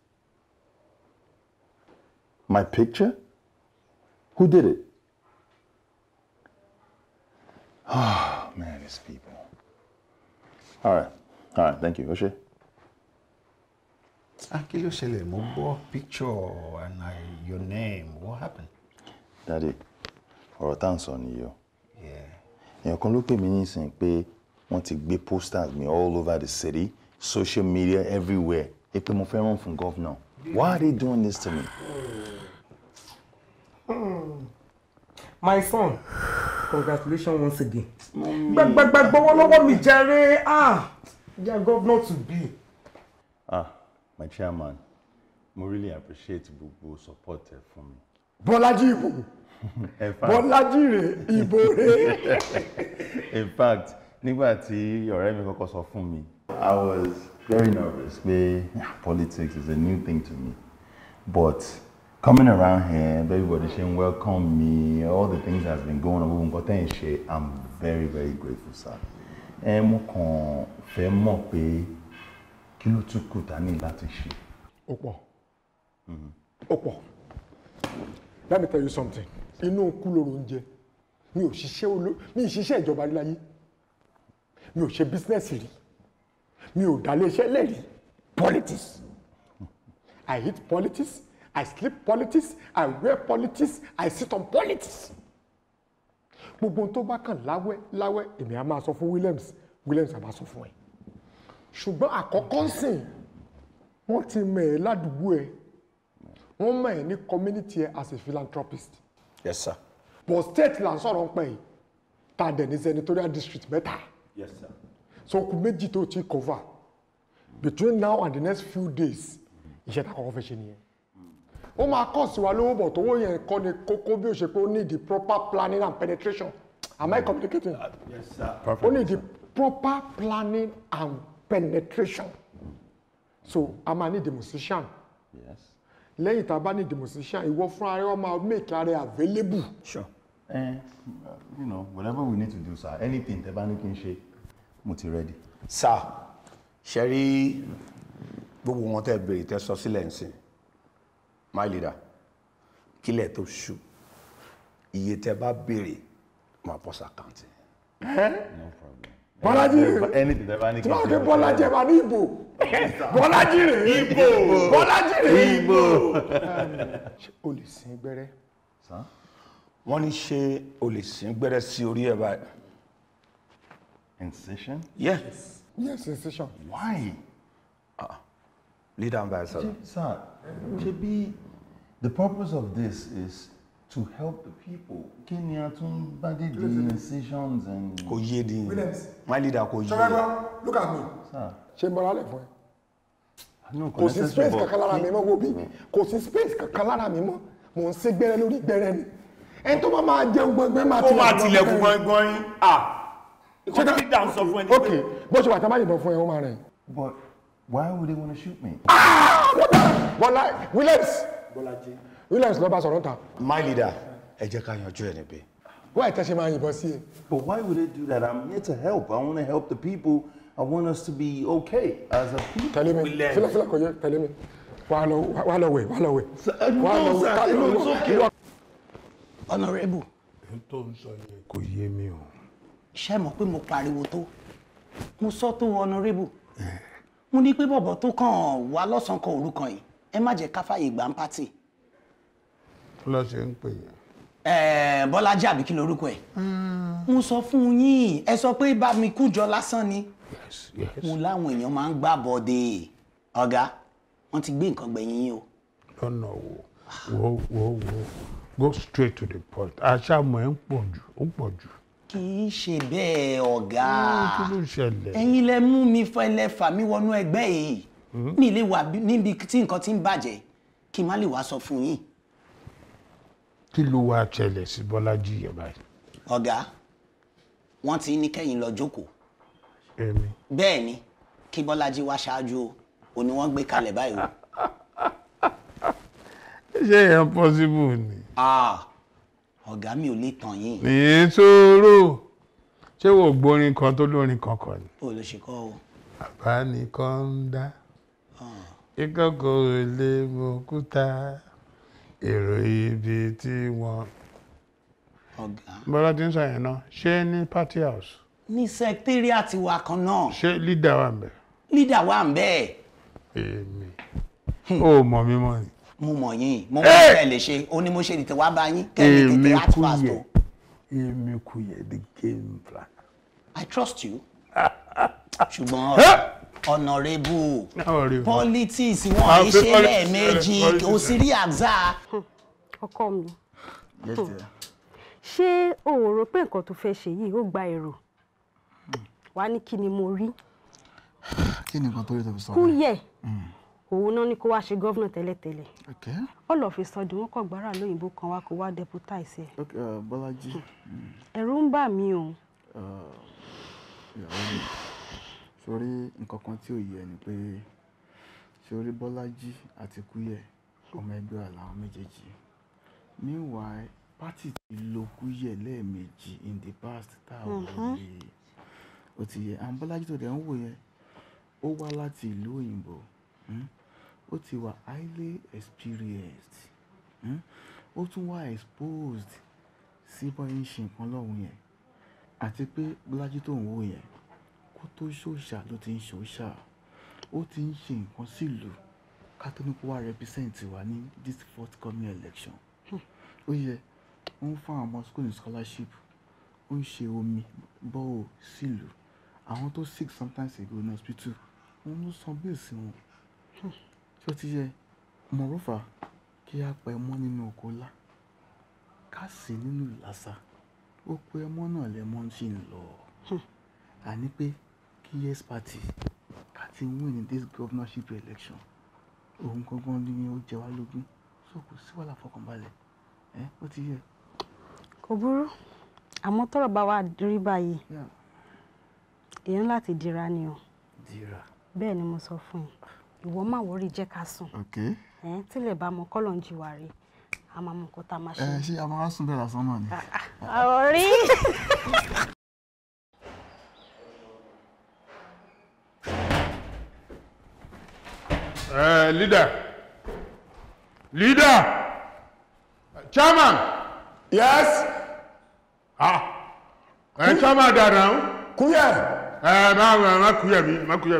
my picture who did it. Oh, man, these people all right all right thank you ó ṣe. Ah, kí ló ṣẹlẹ̀ mo gbọ́ picture and I, your name what happened. dadi ọ̀rọ̀ tá à ń sọ nìyí o èèyàn kan ló pè mí nísìnyí pé wọ́n ti gbé posters mi all over the city social media everywhere ẹ pé mo fẹ́ run fún gọ́vnà why are they doing this to me. Hmm. My son congratulations once again. gbàgbàgbà gbọ́wọ́ lọ́wọ́ mi jàre ah yà governor to be. ah my chairman mo really appreciate gbogbo support ẹ fún mi. bọ́lájí ìbò bọ́lájí rè ìbò rè. in fact nígbà tí ọ̀rẹ́ mi kọ́kọ́ sọ fún mi i was very nervous pé ah, politics is a new thing to me but. Coming around here, everybody saying welcome me, all the things that's been going on, but then I'm very, very grateful, sir. And mo can fẹ́ mọ̀ pé kí ló tún kù ta ní láti ṣe. Ó Let me tell you something. Inú kú lóru oúnjẹ. Mi ò ṣiṣẹ́ olú, mi ì ṣiṣẹ́ ìjọba rí láyé. Mi ò she business rí. Mi ò dálé iṣẹ́ lẹ́rìí. Politics. I hate politics. I sleep politics, I wear politics, I sit on politics. Gbogbo ohun tó bá kàn láwẹ́ láwẹ́ èmi á máa sọ fún Williams Williams á máa sọ fún ẹ. Ṣùgbọ́n àkọ́kọ́ ń sìn wọ́n ti mọ̀ ẹ́ ládùúgbò ẹ̀ wọ́n mọ̀ ẹ́ ní community ẹ̀ as a philanthropist. Yes sir. But state là ń sọ̀rọ̀ ń pẹ̀ yìí ta dẹ̀ ní senatorial district mẹ́ta. Yes sir. So okùn méjì tó ti cover between now and the next few days iṣẹ́ ta kọ́kọ́ fẹ́ ṣe nìyẹn ó máa kọ̀ sí wa lówó bọ̀ tówó yẹn kọ́ ni kókó bí ó ṣe pé ó need the proper planning and penetration am I communicating? yes sir. ó need the proper planning and penetration so a máa need the musician. yes. lẹ́yìn tá a bá need the musician ìwọ fúnra rẹ wọ́n máa make ara available. sure. Uh, you know whatever we need to do sir anything tẹ́ bá ní kí n ṣe mo ti ready. sir ṣe rí gbogbo wọn tẹ́ bèrè tẹ́ sọ sílẹ̀ nsìn my leader kílẹ̀ tó ṣù iye tẹ bá béèrè máa pọ̀ sàkáǹtì. bọ́lájí rè tí wọ́n fi bọ́lájí ẹ̀ bá ní ìbò bọ́lájí rè ìbò bọ́lájí rè ìbò. ṣé o lè sin gbẹ́rẹ́ wọ́n ní ṣé o lè sin gbẹ́rẹ́ sí orí ẹ̀ báyìí. incision. yes yes incision. why. Uh -uh lead ambassador. Sir, ṣebí the purpose of this is to help the people. kí ni a tún bá dé di incisions and. kò yé di yín my leader kò yé. sọ́kẹ́gbọ́ look at me. ṣe bọ́lá lẹ̀ fún ẹ. kò sí space kankan lára mi mọ́ wo bí kò sí space kankan lára mi mọ́ mò ń ṣe gbẹrẹ lórí gbẹrẹ ni ẹni tó bá máa jẹun gbọngbẹ máa tilẹ̀kùn gbọngbẹ. ó máa tilẹ̀kùn gbọngbẹ yín. Ah! ṣé ká ṣe dáhùn sọ fún ẹ ní pé. ok bó ṣe wà tá a bá yìnbọn fún ẹ ó máa rẹ̀. but Why would they want to shoot me? Ah! Bọ́lá Williams. Bọ́lájí. Williams ló bá sọ̀rọ̀ ta. My leader, ẹ jẹ́ ká yanjú ẹ̀ níbí. Why tẹ́ ṣe máa yìnbọn sí ẹ? But why would they do that? I'm here to help. I want to help the people. I want us to be okay as a people. Tẹ̀lé mi, fílẹ̀ fílẹ̀ kò yẹ, tẹ̀lé mi. Wà á lọ wẹ̀, wà á lọ wẹ̀. Wà á lọ wẹ̀, ká ló ló kí. Honourable. N tó ń sọ yẹn kò yé mi o. Ṣé mọ̀ pé mo pariwo tó? Mo sọ tó honourable. Eh mo ní pé bọ̀bọ̀ tó kàn wá lọ́sàn-án kan òru kan yìí ẹ má jẹ́ ká fàyè gbà ń pátì. bọ́lá ṣe ń pè yẹn. ẹ̀ẹ́ Bọ́lájí àbí kí lorúkọ ẹ̀. Hmm. mo sọ fún yín ẹ sọ pé bá mi kújọ lásán ni. yes yes. mo láwọn èèyàn máa ń gbà bọ́dé ọ̀gá wọ́n ti gbé nǹkan gbẹ̀yìn yín o. lọ́nà wo wo wo wo go straight to the point àṣà mọ̀ ẹ́ ń pọ̀ jù ń pọ̀ jù kì í ṣe bẹ́ẹ̀ ọ̀gá ẹ̀yin lẹ mú mi fẹlẹ́ fà mí wọnú ẹgbẹ́ yìí hmm? mi lè wà níbi tí nǹkan ti ń bàjẹ́ kí n má lè wá sọ fún yín. kí ló wá ṣẹlẹ̀ sí bọ́lájí yẹn báyìí. ọ̀gá wọ́n ti ní kẹ́yìn lọ jókòó. èmi. bẹ́ẹ̀ ni kí bọ́lájí wá ṣáájú o ò ní wọ́n gbé kalẹ̀ báyìí o. ṣé yẹn possible ni. ah ọ̀gá mi ò lè tàn yín. èyí tó rò ṣé wò gbórin kan tó lórin kan ni. o lè ṣe kọ́ o. bàbá nìkan ń dá ah. ìkọ̀kọ̀ èlé mọ̀kúta èrò ibi tí wọ́n. ọ̀gá. bọ́lá ti ń sọ yẹn náà ṣé ní party house. ní secretariat wa kan náà. ṣé leader wà ń bẹ̀. leader wà ń bẹ̀. èmi ò hmm. mọ̀ mímọ́ ni mo mọ̀ yín mo mọ̀ yín kẹ́ lè ṣe ó ní mo wá bá yín kẹ́ lè tètè act èmi kù yẹ the game plan. I trust you ṣùgbọ́n honorable politics wọn ṣe lẹ́ẹ̀mejì kò sí rí àgbà. ọkọ mi ṣé o pé nǹkan tó fẹ́ ṣe yìí ó gba èrò wá ní kí ni mo rí. kí ni òun náà ni kó wá ṣe gọ́vnà tẹ́lẹ̀tẹ́lẹ̀ all of a sudden wọ́n kọ̀ gbára lóyìnbó kan wá kó wá deputize ẹ̀. Uh, Bọ́lájí. ẹ̀rù ń bà mí o. Uh, ìyàwó mi sórí nǹkan kan tí ò yẹ ni pé sórí Bọ́lájí àti Kúyẹ̀ ọmọ ẹgbẹ́ wa làwọn méjèèjì meanwhile party ti lo Kúyẹ̀ lẹ́ẹ̀mejì in the past tá a wọ̀ mm-hmm. yìí ó ti yẹ and Bọ́lájí tó dẹ̀ ń wò yẹn ó wá láti ìlú òyìnbó. Hmm? ó ti wa highly experienced, hmm? ó tún wa exposed Si bó ń ṣe nǹkan lọ́hùn yẹn àti pé Bọ́lájí tó ń wò yẹn kó tó ṣòṣà ló ti ń ṣòṣà ó ti ń ṣe nǹkan sílùú ká tó ní kó wá represent wa ni this forthcoming election hmm. ó yẹ ó ń fún ọmọ school scholarship ó ń ṣe omi bọ́ọ̀ sílùú àwọn tó sick sometimes ago ní hospital wọ́n ló san bills wọn Ṣé ó ti yẹ? Mọ̀rúfà kí a pa ẹmọ́ nínú oko ńlá, ká sì nínú ìlàsà. Oko ẹmọ́ náà lẹmọ́ ṣì ń lọ. Hmm. A pé kí Yes Party ká win in this governorship election. Ohun gangan ni ó jẹ wá lógún. So kò sí wàhálà fọkànbalẹ̀. Ẹ̀, ó ti yẹ. Kò burú. Àmọ́ tọ́rọ̀ bá wá rí báyìí, èèyàn ńlá ti dira ni o. Dira. Bẹ́ẹ̀ ni mo sọ fún ẹ ìwọ má wọrí jẹ́ ká sùn tílẹ̀ bá mọ kọ́lọ̀ ń jìwà rí a máa mọ nǹkan tá a máa ṣe. ẹ ṣé a máa sùn bẹ́ẹ̀ lásán náà ni. ọ̀rọ̀ ah, ah, rí. Eh, leader leader chairman. yes. ah ẹ eh, chairman dada. kúyẹ. ẹ má kúyẹ mi má kúyẹ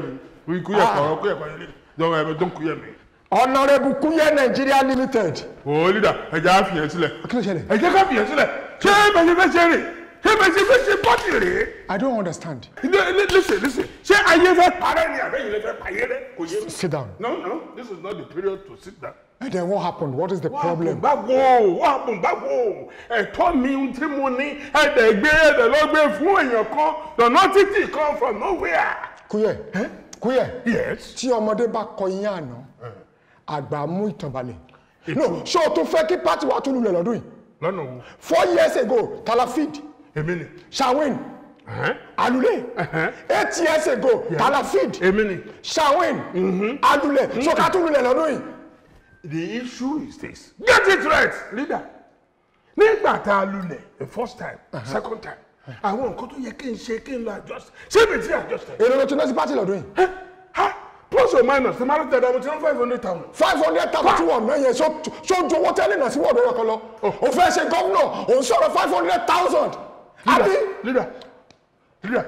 mi kúyẹ kọ kúyẹ kọ yẹn lé jọ̀wọ́ ẹbẹ tó ń Kúyẹmí. honorable Kúyẹ Nigeria limited. Oh, leader I á fìyẹn sílẹ̀. kí ló ṣẹlẹ̀. ẹ jẹ́ ká fìyẹn sílẹ̀ ṣé bẹ̀yẹ fẹ́ ṣe rè ṣé bẹ̀yẹ fẹ́ ṣe I don't understand. listen listen ṣé I fẹ́ parẹ́ ni àbẹ́yìn lè fẹ́ payé rẹ kò yé sit down. no no this is not the period to sit down. And then what happened? What is the what problem? Báwo wàbùn báwo ẹ̀tọ́ mi tí mo ní ẹ̀dẹ̀ gbé ẹ̀dẹ̀ lọ́gbẹ́ fún your kan the naughty notity come from nowhere. Kúyẹ̀. Eh? Kúyẹ̀ tí ọmọdé bá kọ iyán àná eh. àgbà mú ìtànbalẹ̀ no ṣé o tún fẹ́ kí pátì wa tún lulẹ̀ lọ́dún yìí lọ́nà wo four years ago Talafid èmi ni Shawin Alule eight years ago Talafid èmi ni Shawin mm-hmm. Alule So, o mm-hmm. ká tún lulẹ̀ lọ́dún yìí. the issue is this get it right leader nígbà tá a lulẹ̀ the first time uh-huh. second time àwọn nǹkan tó yẹ kí n ṣe kí n lọ adjust ṣé èmi ti adjust. èrè ló ti lọ lọ́dún yìí. plus or minus ṣe máa ń tẹ̀lé ọmọ tí wọ́n five hundred thousand. five hundred thousand tí wọ́n mẹ́yẹ ṣojú owó tẹ́lẹ̀ náà sí wọ́ọ̀dù ọ̀rọ̀ kan lọ. Oh. ó fẹ́ ṣe gómìnà òun sọ̀rọ̀ five hundred thousand. àbí. leader leader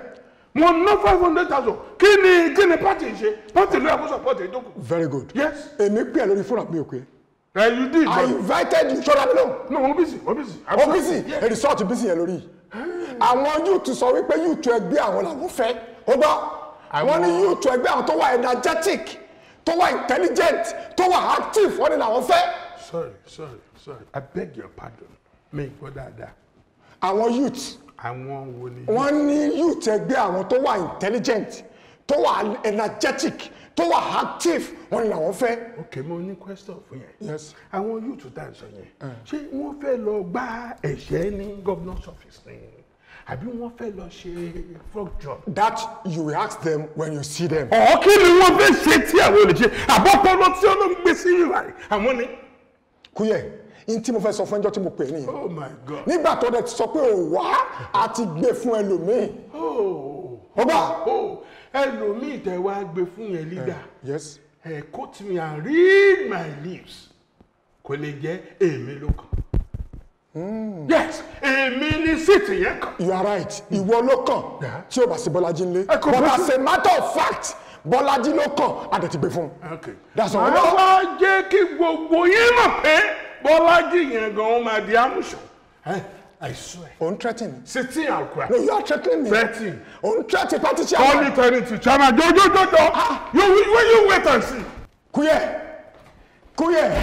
mo ná five hundred thousand kí ni kí ni party ṣe party ló yẹ kó support ìdókòwò. very good. yes. èmi pè é lórí fúnra mi ò pé. Eh, you did. I invited you sọ́ra mi náà. no obisi obisi. obisi èrè sọ́ọ̀tù bisi yẹn lórí yìí àwọn yúùtù sọ wípé yúùtù ẹgbẹ́ àwọn làwọn fẹ́ ó gbọ́ wọ́n ní yúùtù ẹgbẹ́ àwọn tó wà energetic tó wà intelligent tó wà active wọ́n ní làwọn fẹ́. sorry sorry sorry i beg your pardon mi gbọ́ dáadáa. àwọn youth àwọn wo ni. wọ́n ní youth ẹgbẹ́ àwọn tó wà intelligent tó wà energetic tó wà active wọ́n ní làwọn fẹ́. ok mo ní question fún yẹn. yes. àwọn youth tá à ń sọ yẹn eh. ṣé wọ́n fẹ́ lọ gba ẹ̀ṣẹ́ ní governor's office ni àbí wọ́n fẹ́ lọ ṣe frog job. that you will ask them when you see them. ọ̀ kí ni wọ́n fẹ́ ṣe tí àwọn olè ṣe àbọ̀pọ̀lọ tí wọ́n gbé sí ìwà àwọn ni. kúyẹ̀ n tí mo fẹ́ sọ fún ẹjọ́ tí mo pè é nìyẹn. oh my god. nígbà tó dẹ̀ sọ pé ò wá àti gbé fún ẹlòmíì. ó oh. bá. Oh. ẹlòmíì tẹ wá gbé fún yẹn leader. Eh, yes. ẹ eh, coat me and read my lips kò lè jẹ́ èmi ló kàn. Mm. yes èmi ni síìtì yẹn kàn. you are right ìwọ ló kàn tí ó bá sí bọ́lájí ńlẹ̀ but as a matter of fact bọ́lájí ló kàn a dẹ̀ ti gbé fún un. that's all. màá wá jẹ́ kí gbogbo yín mọ̀ pé bọ́lájí yẹn gan-an máa di àmùsùn. I swear. Òun threatening me. Sitting and crying. No, you are threatening me. Threatening. Òun threatening party chairman. Call me threatening to chairman. Jo jo jo jo. Ah. You will you wait and see. Kúyẹ̀. Kúyẹ̀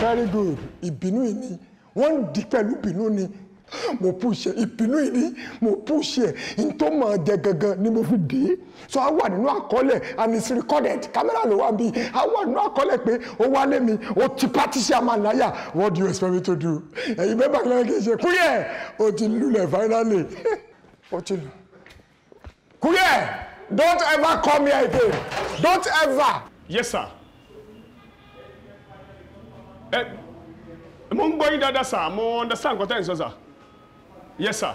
very good ìbínú yìí ni wọ́n ń di pẹ̀lú ìbínú ni mo púṣẹ ìbínú yìí ni mo púṣẹ n tó mọ̀ jẹ gangan ni mo fi dé so a wà nínú àkọọ́lẹ̀ and it's recorded camera ló wà bí a wà nínú àkọọ́lẹ̀ pé ó wá lé mi ó ti pàtíṣe àmàláyà what do you expect me to do ẹ̀yin mẹ́bàá kí lóun kì í ṣe kúyẹ̀ ó ti lulẹ̀ finally ó ti lù kúyẹ̀ don't ever come here again don't ever. yes sir. ẹ eh, mo ń gbọ́ mo understand nǹkan tẹ́ ẹ̀ yes sir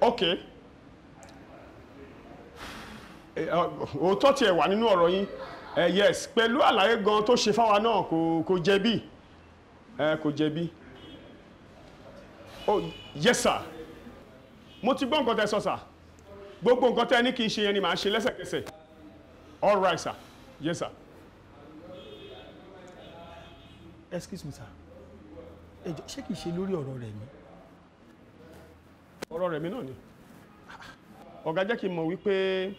ok eh, eh, òótọ́ tiẹ̀ wà nínú ọ̀rọ̀ yín yes pẹ̀lú àlàyé gan tó ṣe fáwa náà kò kò jẹ̀bi kò jẹ̀bi oh yes sir mo ti gbọ́ nǹkan tẹ́ sọ gbogbo nǹkan tẹ́ ní kí n ṣe yẹn ni màá ṣe lẹ́sẹ̀kẹsẹ̀ all right sir yes sir. excuse me sir ẹ jọ̀ọ́ ṣé kìí ṣe lórí ọ̀rọ̀ rẹ̀ mi. ọ̀rọ̀ rẹ̀ mi náà ni ọ̀gá jẹ́ kí n mọ̀ wípé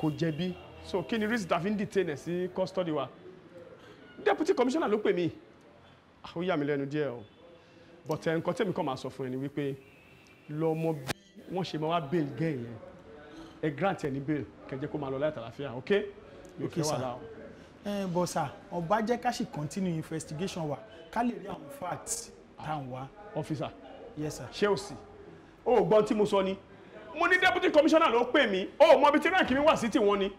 kò jẹ̀bi so kí ni reason ta fi ń detain sí custody wa deputy commissioner ló pè mí ah, ó yà mí lẹ́nu díẹ̀ o but eh, nǹkan tẹ̀mí kan máa sọ fún ẹ ni wípé lọ mọ bí wọ́n ṣe máa wá bail gẹ́ yẹn ẹ grant ẹ ní bail kẹjẹ kó máa lọ láì tàlàfíà ok mi fẹ́ wà láwọn. Eh, bọ́sà ọba jẹ́ ká ṣì continue investigation wa ká lè rí àwọn facts tá à ń wá. officer yes sir. ṣé o sì o ò gbọ́ tí mo sọ ni mo ní deputy commissioner ló pè mí o ò mọ ibi tí rank mi wà sí tiwọn ni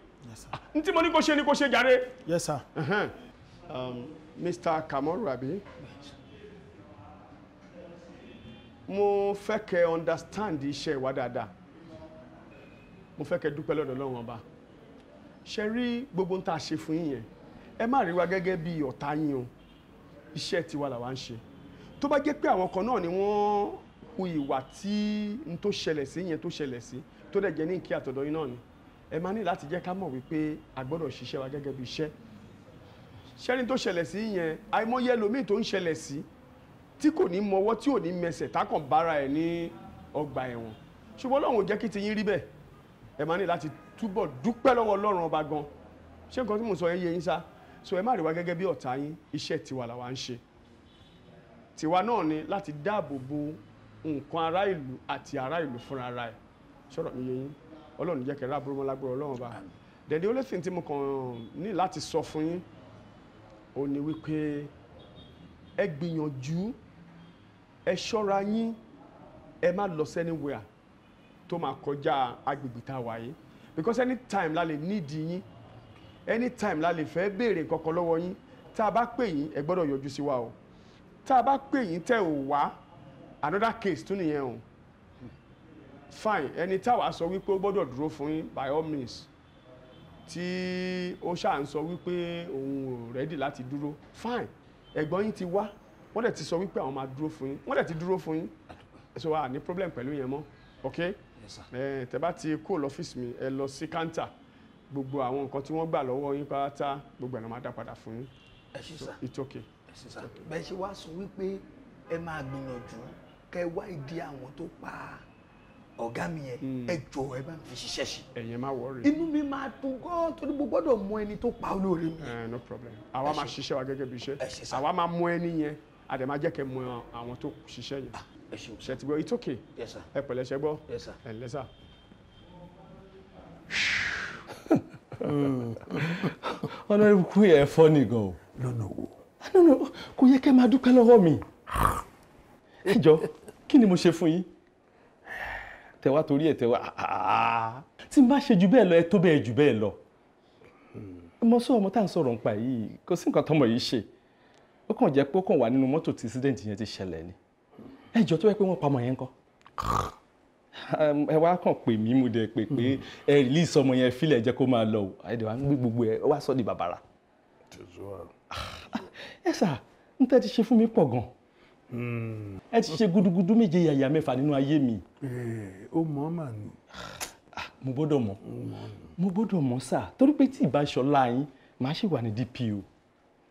n tí mo ní kó ṣe ni kó ṣe jàre. yes sir. Uh-huh. um, Mr. Kamoru abi mo fẹ́ kẹ́ understand iṣẹ́ wa dáadáa mo fẹ́ kẹ́ dúpẹ́ lọ́dọ̀ Ọlọ́run ọba ṣe rí gbogbo ń tá a ṣe fún yín yẹn ẹ má rí wa gẹ́gẹ́ bí ọ̀tá yín o iṣẹ́ tiwa làwa ń ṣe tó bá jẹ́ pé àwọn kan náà ni wọ́n hu ìwà tí n tó ṣẹlẹ̀ sí yẹn tó ṣẹlẹ̀ sí tó dẹ̀ jẹ́ ní kí àtọ̀dọ̀ yín náà ni ẹ máa ní láti jẹ́ ká mọ̀ wípé a gbọ́dọ̀ ṣiṣẹ́ wa gẹ́gẹ́ bí iṣẹ́ ṣẹ́ni tó ṣẹlẹ̀ sí yẹn àìmọye ẹlòmíì tó ń ṣẹlẹ̀ sí tí kò ní mọwọ́ tí ò ní mẹsẹ̀ tákàn bára ẹ̀ ní ọgbà ẹ̀wọ̀n ṣùgbọ́n Ọlọ́run ò jẹ́ kí ti yín rí bẹ́ẹ̀ ẹ máa ní láti túbọ̀ dúpẹ́ lọ́wọ́ ọlọ́run ọba gan ṣé nǹkan tí mo sọ yẹn yé yín sá so ẹ má rí wa gẹ́gẹ́ bí ọ̀tá yín iṣẹ́ tiwa làwa ń ṣe tiwa náà ni láti dáàbò bo nǹkan ará ìlú àti ará ìlú fúnra ara ẹ̀ sọ̀rọ̀ mi yé yín ọlọ́run jẹ́ kẹ́rẹ́ àbúrò mọ́lágbọ́rọ̀ ọlọ́run ọba dẹ̀dẹ̀ only thing tí mo kàn ní láti sọ fún yín ó ní wípé ẹ gbìyànjú ẹ ṣọ́ra yín ẹ má lọ sẹ́niwẹ̀à tó máa kọjá agbègbè tá a wà because anytime la lè need yín anytime la lè fẹ́ béèrè kankan lọ́wọ́ yín tá a bá pè yín ẹ gbọ́dọ̀ yọjú sí wa o tá a bá pè yín tẹ́ ò wá another case tún nìyẹn o fine ẹni táwa sọ wípé ó gbọ́dọ̀ dúró fún yín by all means tí ó ṣáà ń sọ wípé òun ò rẹ́dì láti dúró fine ẹ̀gbọ́n yín ti wá wọ́n dẹ̀ ti sọ wípé àwọn máa dúró fún yín wọ́n dẹ̀ ti dúró fún yín so a ní problem pẹ̀lú yẹn mọ́ okay ẹ tẹ bá ti kó lọ́fíìsì mi ẹ lọ sí káńtà gbogbo àwọn nǹkan tí wọ́n gbà lọ́wọ́ yín pátá gbogbo ẹ̀ ló máa dá padà fún yín it's okay. bẹ́ẹ̀ ṣe wá sọ wípé ẹ máa gbìyànjú kẹ wá ìdí àwọn tó pa ọ̀gá mi yẹn hmm. ẹ jọ ẹ bá fi ṣiṣẹ́ ṣe. ẹ̀yin má wọrí. inú mi máa dùn gan torí mo gbọ́dọ̀ mọ ẹni tó pa olóore mi. no problem àwa máa ṣiṣẹ́ wa gẹ́gẹ́ bí iṣẹ́ àwa máa mọ ẹni yẹn àdèmá mọ àwọn tó ṣiṣẹ́ yẹn. Ah ṣe ti gbọ́ it's okay ẹ pẹ̀lẹ́ ṣe gbọ́ ẹ lẹ́sà. ọ̀nà ìbùkún yẹn fọ́ ni gan o. lọ́nà wo. lọ́nà ah, kò yẹ kẹ́ máa dúpẹ́ lọ́wọ́ mi. ẹ jọ kí ni mo ṣe fún yín tẹwa torí ẹ tẹwa ah, ah, tí n bá ṣe jù bẹ́ẹ̀ lọ ẹ tó bẹ́ẹ̀ jù bẹ́ẹ̀ lọ ọmọ sọ ọmọ tá à ń sọ̀rọ̀ nípa yìí kò sí nǹkan tọmọ yìí ṣe ó kàn jẹ́ pé ó kàn wà nínú mọ́tò tí incident yẹn ti ṣẹlẹ̀ ni ẹjọ́ tó yẹ pé wọ́n pamọ́ yẹn kọ́ ẹ wá kàn pè mí mo dẹ̀ pè pé hmm. ẹ release ọmọ yẹn fílẹ̀ jẹ́ kó máa lọ o ẹ dẹ̀ wá ń gbé gbogbo ẹ wá sọ́ di bàbàrà. ẹ sà n tẹ́ ti ṣe fún mi pọ̀ gan hmm. ẹ ti ṣe gudugudu méje yàyà mẹ́fà nínú ayé mi. Eh, ó mọ̀ ọ́ ní. Ah, mo gbọ́dọ̀ mọ̀ mo gbọ́dọ̀ mọ̀ sà torí pé tí ìbá ṣọlá yín màá ṣì wà ní DPO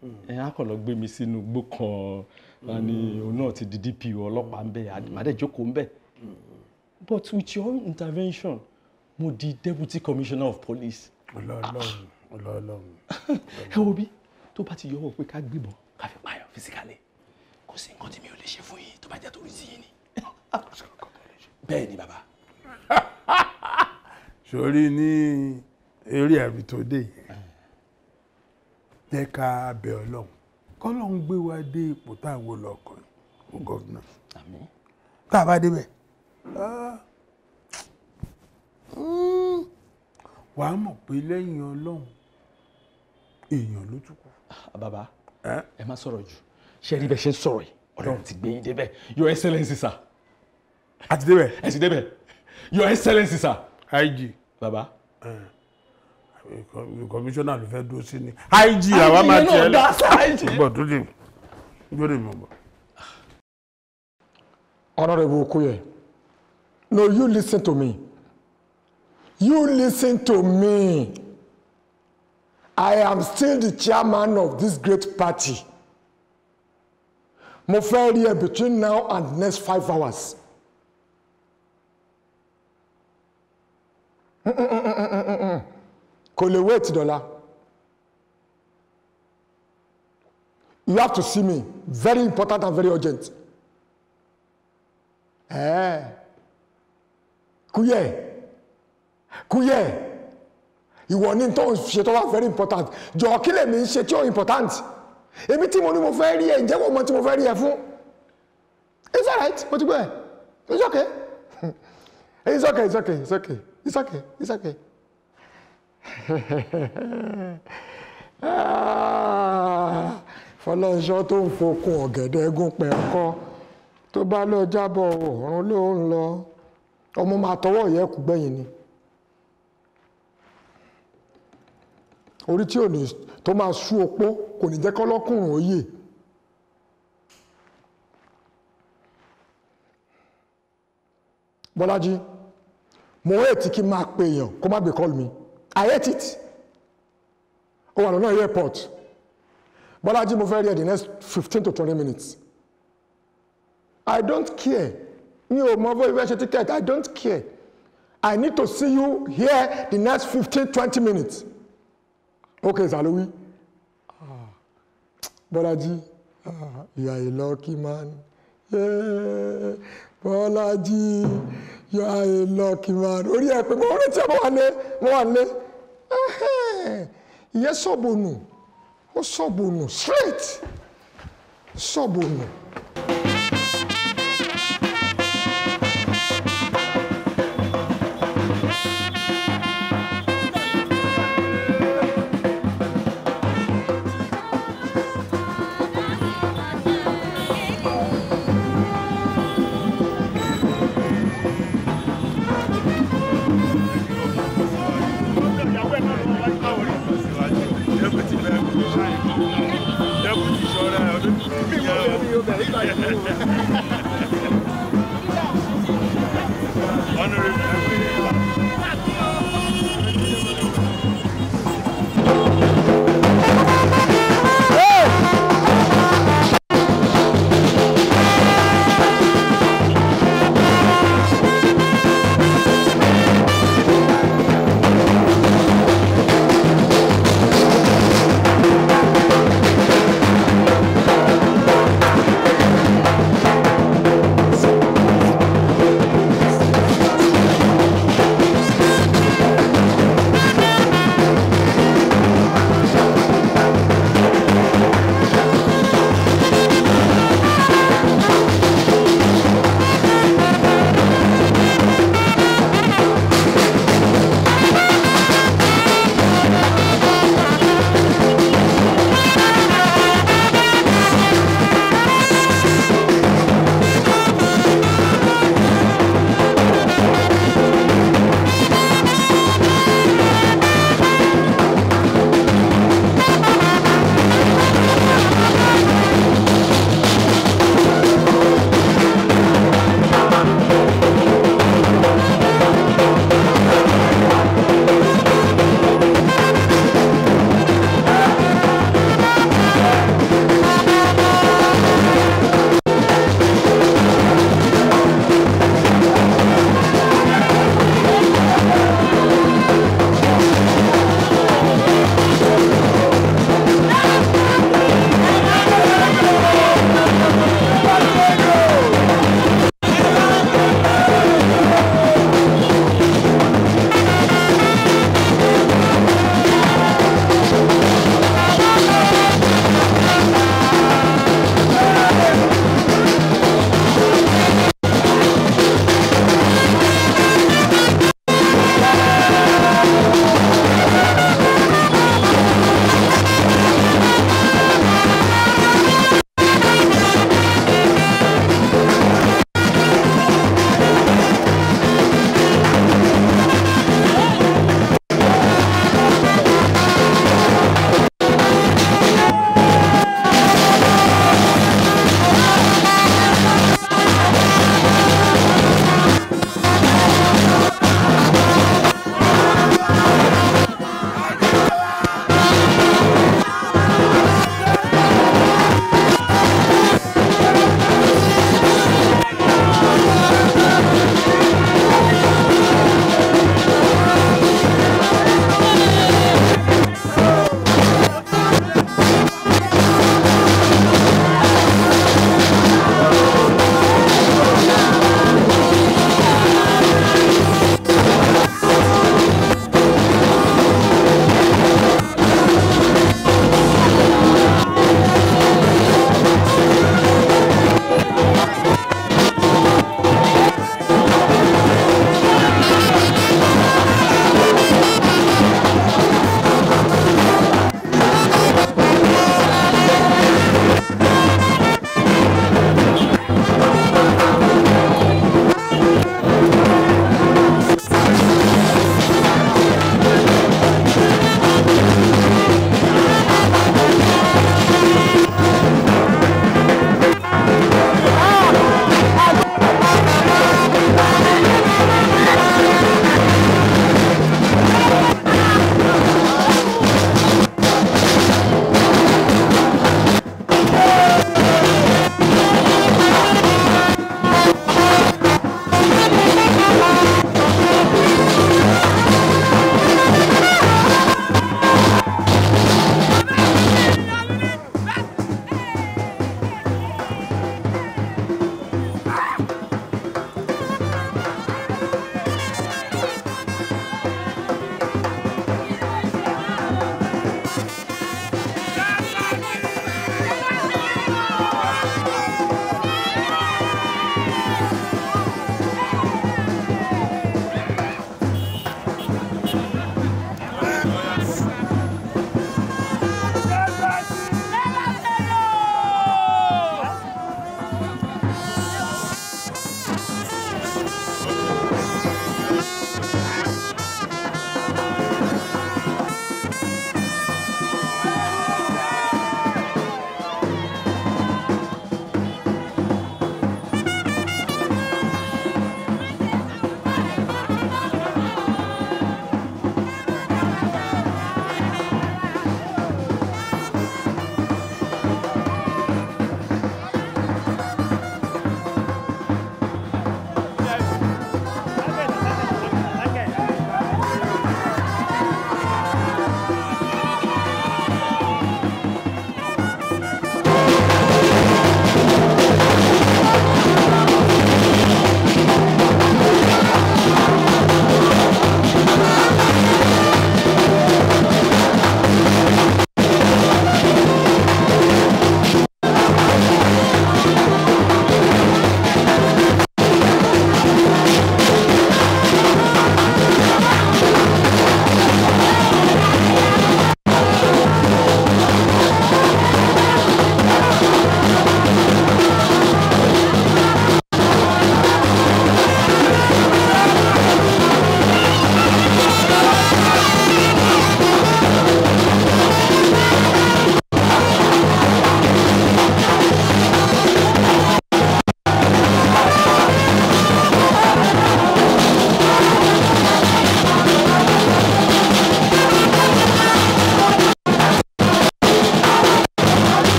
hmm. ẹ̀ á kàn lọ gbé mi sínú gbó kan wọn ni òun náà ti di DPO ọlọ́pàá ń bẹ̀ àdèmàdèjókòó ń bẹ̀ but with your intervention mo di deputy commissioner of police. ọlọ́ọ̀lọ́ọ̀ ọlọ́ọ̀lọ́ọ̀. ẹ wo bí tó bá ti yọwọ́ pé ká gbìbọn ká fi pààyàn fisikálẹ̀ kò sí nǹkan tí mi ò lè ṣe fún yín tó bá jẹ́ torí sí yín ni. bẹ́ẹ̀ ni bàbá. sori ní eré ẹ̀rí tó dé yẹn jẹ́ ká bẹ ọlọ́run kọ́lọ́ ń gbé wa dé ipò tá à ń wò lọ́kàn fún gọ́vnà tá a bá débẹ̀ wàá mọ̀ pé lẹ́yìn ọlọ́run èèyàn ló tún kù. Ah, bàbá ẹ má sọ̀rọ̀ jù ṣé ẹ rí bẹ́ẹ̀ ṣe ń sọ̀rọ̀ yìí ọlọ́run ti gbé yín débẹ̀ your excellence sir. a ti débẹ̀. ẹ ti débẹ̀ your excellence sir. IG. bàbá. Uh kọmíṣánná ló fẹ́ dúró sí ni ig àwa máa tiẹ̀ lẹ́ gbọ́ tó dì lórí mi gbọ́. honourable okoye no you listen to me you listen to me i am still the chairman of this great party mo fẹ́ rí ẹ between now and next five hours. Mm -mm -mm -mm -mm -mm. mm kò lè wéètì dọ́là you have to see me very important and very urgent ẹ̀ẹ́ eh. kúyẹ̀ kúyẹ̀ ìwọ ní tó ń ṣe tó wà very important jọ̀ọ́ kí lèmi ń ṣe tí ó important èmi tí mo ní mo fẹ́ rí ẹ ǹjẹ́ wọ́n mọ tí mo fẹ́ rí ẹ fún it's alright mo ti gbọ́ ẹ it's okay it's okay it's okay it's okay it's okay it's okay. Ah, fọlọ́nṣọ́ tó ń fokùn ọ̀gẹ̀dẹ̀ gúnpẹ̀ ọkọ́ tó bá lọ jábọ̀ ọ̀run ló ń lọ ọmọ máa tọwọ́ ìyẹ́kù gbẹ̀yìn ni orí tí ò ní tó máa sú opó kò ní jẹ́ kọ́lọ́kùnrin òye Bọ́lájí mo hẹ́ẹ̀ kí n máa pe èèyàn kó má gbé kọ́ọ̀lù mi. I ate it. Oh, Ó wà lọ́nà airport. Bọ́lájí mo fẹ́ rí ẹ the next fifteen to twenty minutes. I don't care. You ò mọ bóyá ìfẹ́ ṣe ticket. I don't care. I need to see you here the next fifteen twenty minutes. Okay, Ok Salowi. Bọ́lájí ah, you are a lucky man. Yeah. Bọ́lájí you are a lucky man. Orí ẹ pé mo rántí ẹ mo wà lé mo wà lé ìyẹn sọ̀bù nù ó sọ̀bù straight sọ̀bù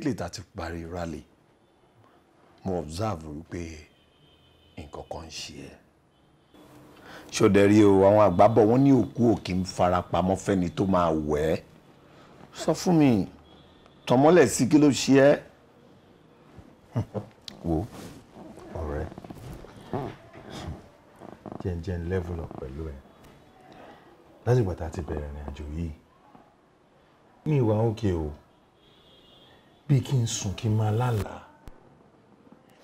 immediately tá a parí rally mo observe wípé nǹkan kan ń ṣe ẹ́ ṣòdẹ̀rí o àwọn àgbábọ̀ wọ́n ní òkú òkì ń farapamọ́ fẹ́ni tó máa wẹ̀ ẹ́ sọ fún mi tọmọlẹ̀ sí kí ló ṣe ẹ́ wo ọ̀rẹ́ jẹ́njẹ́ ń level up pẹ̀lú ẹ̀ lásìkò tá a ti bẹ̀rẹ̀ ìrìn àjò yìí mi ìwà òkè o. Okay, oh bí kí n sùn kí n máa lálàá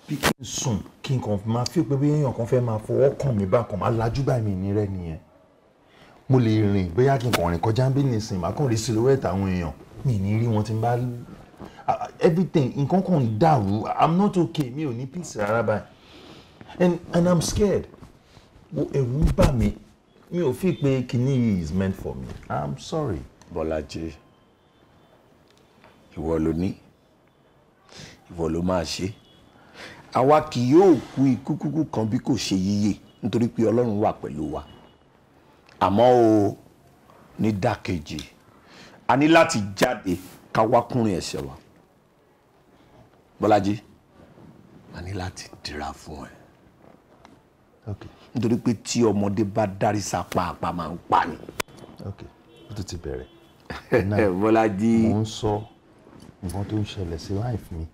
bí kí n sùn kí n kàn máa fi pé bóyá èèyàn kan fẹ́ máa fọwọ́ kàn mí bákan máa lajú báyìí mi ní nìyẹn mo lè rìn bóyá kí n kàn rìn kọjá bí nìsín màá kàn rí silhouette àwọn èèyàn mi ní rí wọn tí n bá everything nǹkan kan dàrú i'm not okay mi ò ní peace rárá báyìí and and i'm scared ẹ̀rù ń bà mí mi ò fi pé kinní yìí is meant for me i'm sorry. Bọ́lájí ìwọ ló ní ìwọ ló máa ṣe àwa kì yóò kú ikú kúkú kan bí kò ṣe yíyè nítorí pé ọlọ́run wà pẹ̀lú wa àmọ́ o ní dákejì a ní láti jáde ká wá kúnrin ẹ̀ṣẹ̀ wa bọ́lájí a ní láti dira fún ẹ nítorí pé tí ọmọdé bá dárí sapá apá máa ń pa ni. ok ó tún ti bẹ̀rẹ̀. bọ́lájí mo ń sọ nǹkan tó ń ṣẹlẹ̀ sí wife mi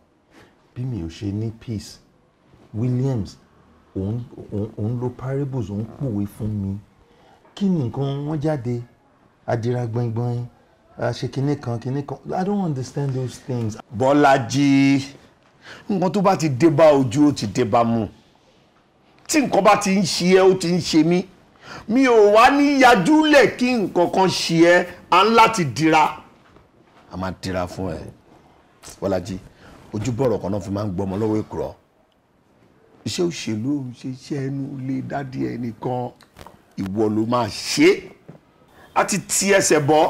bí mi ò ṣe ní peace Williams òun lo parables òun pòwe fún mi kí ni nǹkan jáde adira gbọ̀ngbọ̀n ṣe kinní kan kinní kan I don't understand those things. Bọ́lájí nǹkan tó bá ti dé bá ojú ó ti dé bá mu tí nǹkan bá ti ń ṣe ẹ́ ó ti ń ṣe mí mi ò wá ní yajúlẹ̀ kí nǹkan kan ṣe ẹ́ à ń láti dira a máa dira fún ẹ Bọ́lájí ojúbọ̀rọ̀ kan náà fi máa ń gbọmọ lọ́wọ́ èkùrọ́ iṣẹ́ òṣèlú ṣe iṣẹ́ ẹnu lè dádì ẹnìkan ìwọ ló máa ṣe é a ti ti ẹsẹ̀ bọ́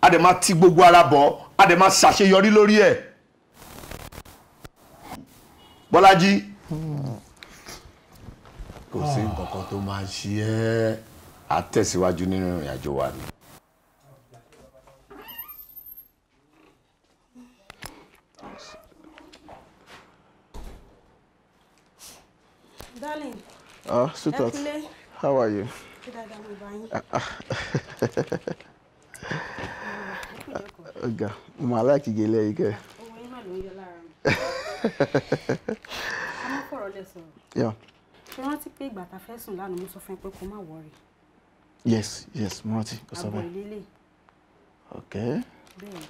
a dẹ̀ máa ti gbogbo ara bọ́ a dẹ̀ máa ṣàṣeyọrí lórí ẹ̀ Bọ́lájí kò sí nǹkan kan tó máa ṣe é a tẹ̀síwájú nínú ìrìn wa ni. Darling. Ah, sweetheart. How are you? Ah, ah. Ọ̀gá, mo máa láìkí gèlè yìí kẹ́. Owó yín mà ló ń yọ lára mi. A máa fọ̀rọ̀ lẹ̀ sọ̀rọ̀. Ṣé rántí pé ìgbà tá mo sọ fún ẹ pé kó má Yes, yes, mo rántí. Àbọ̀ ìlélẹ̀. Ok. Bẹ́ẹ̀ni.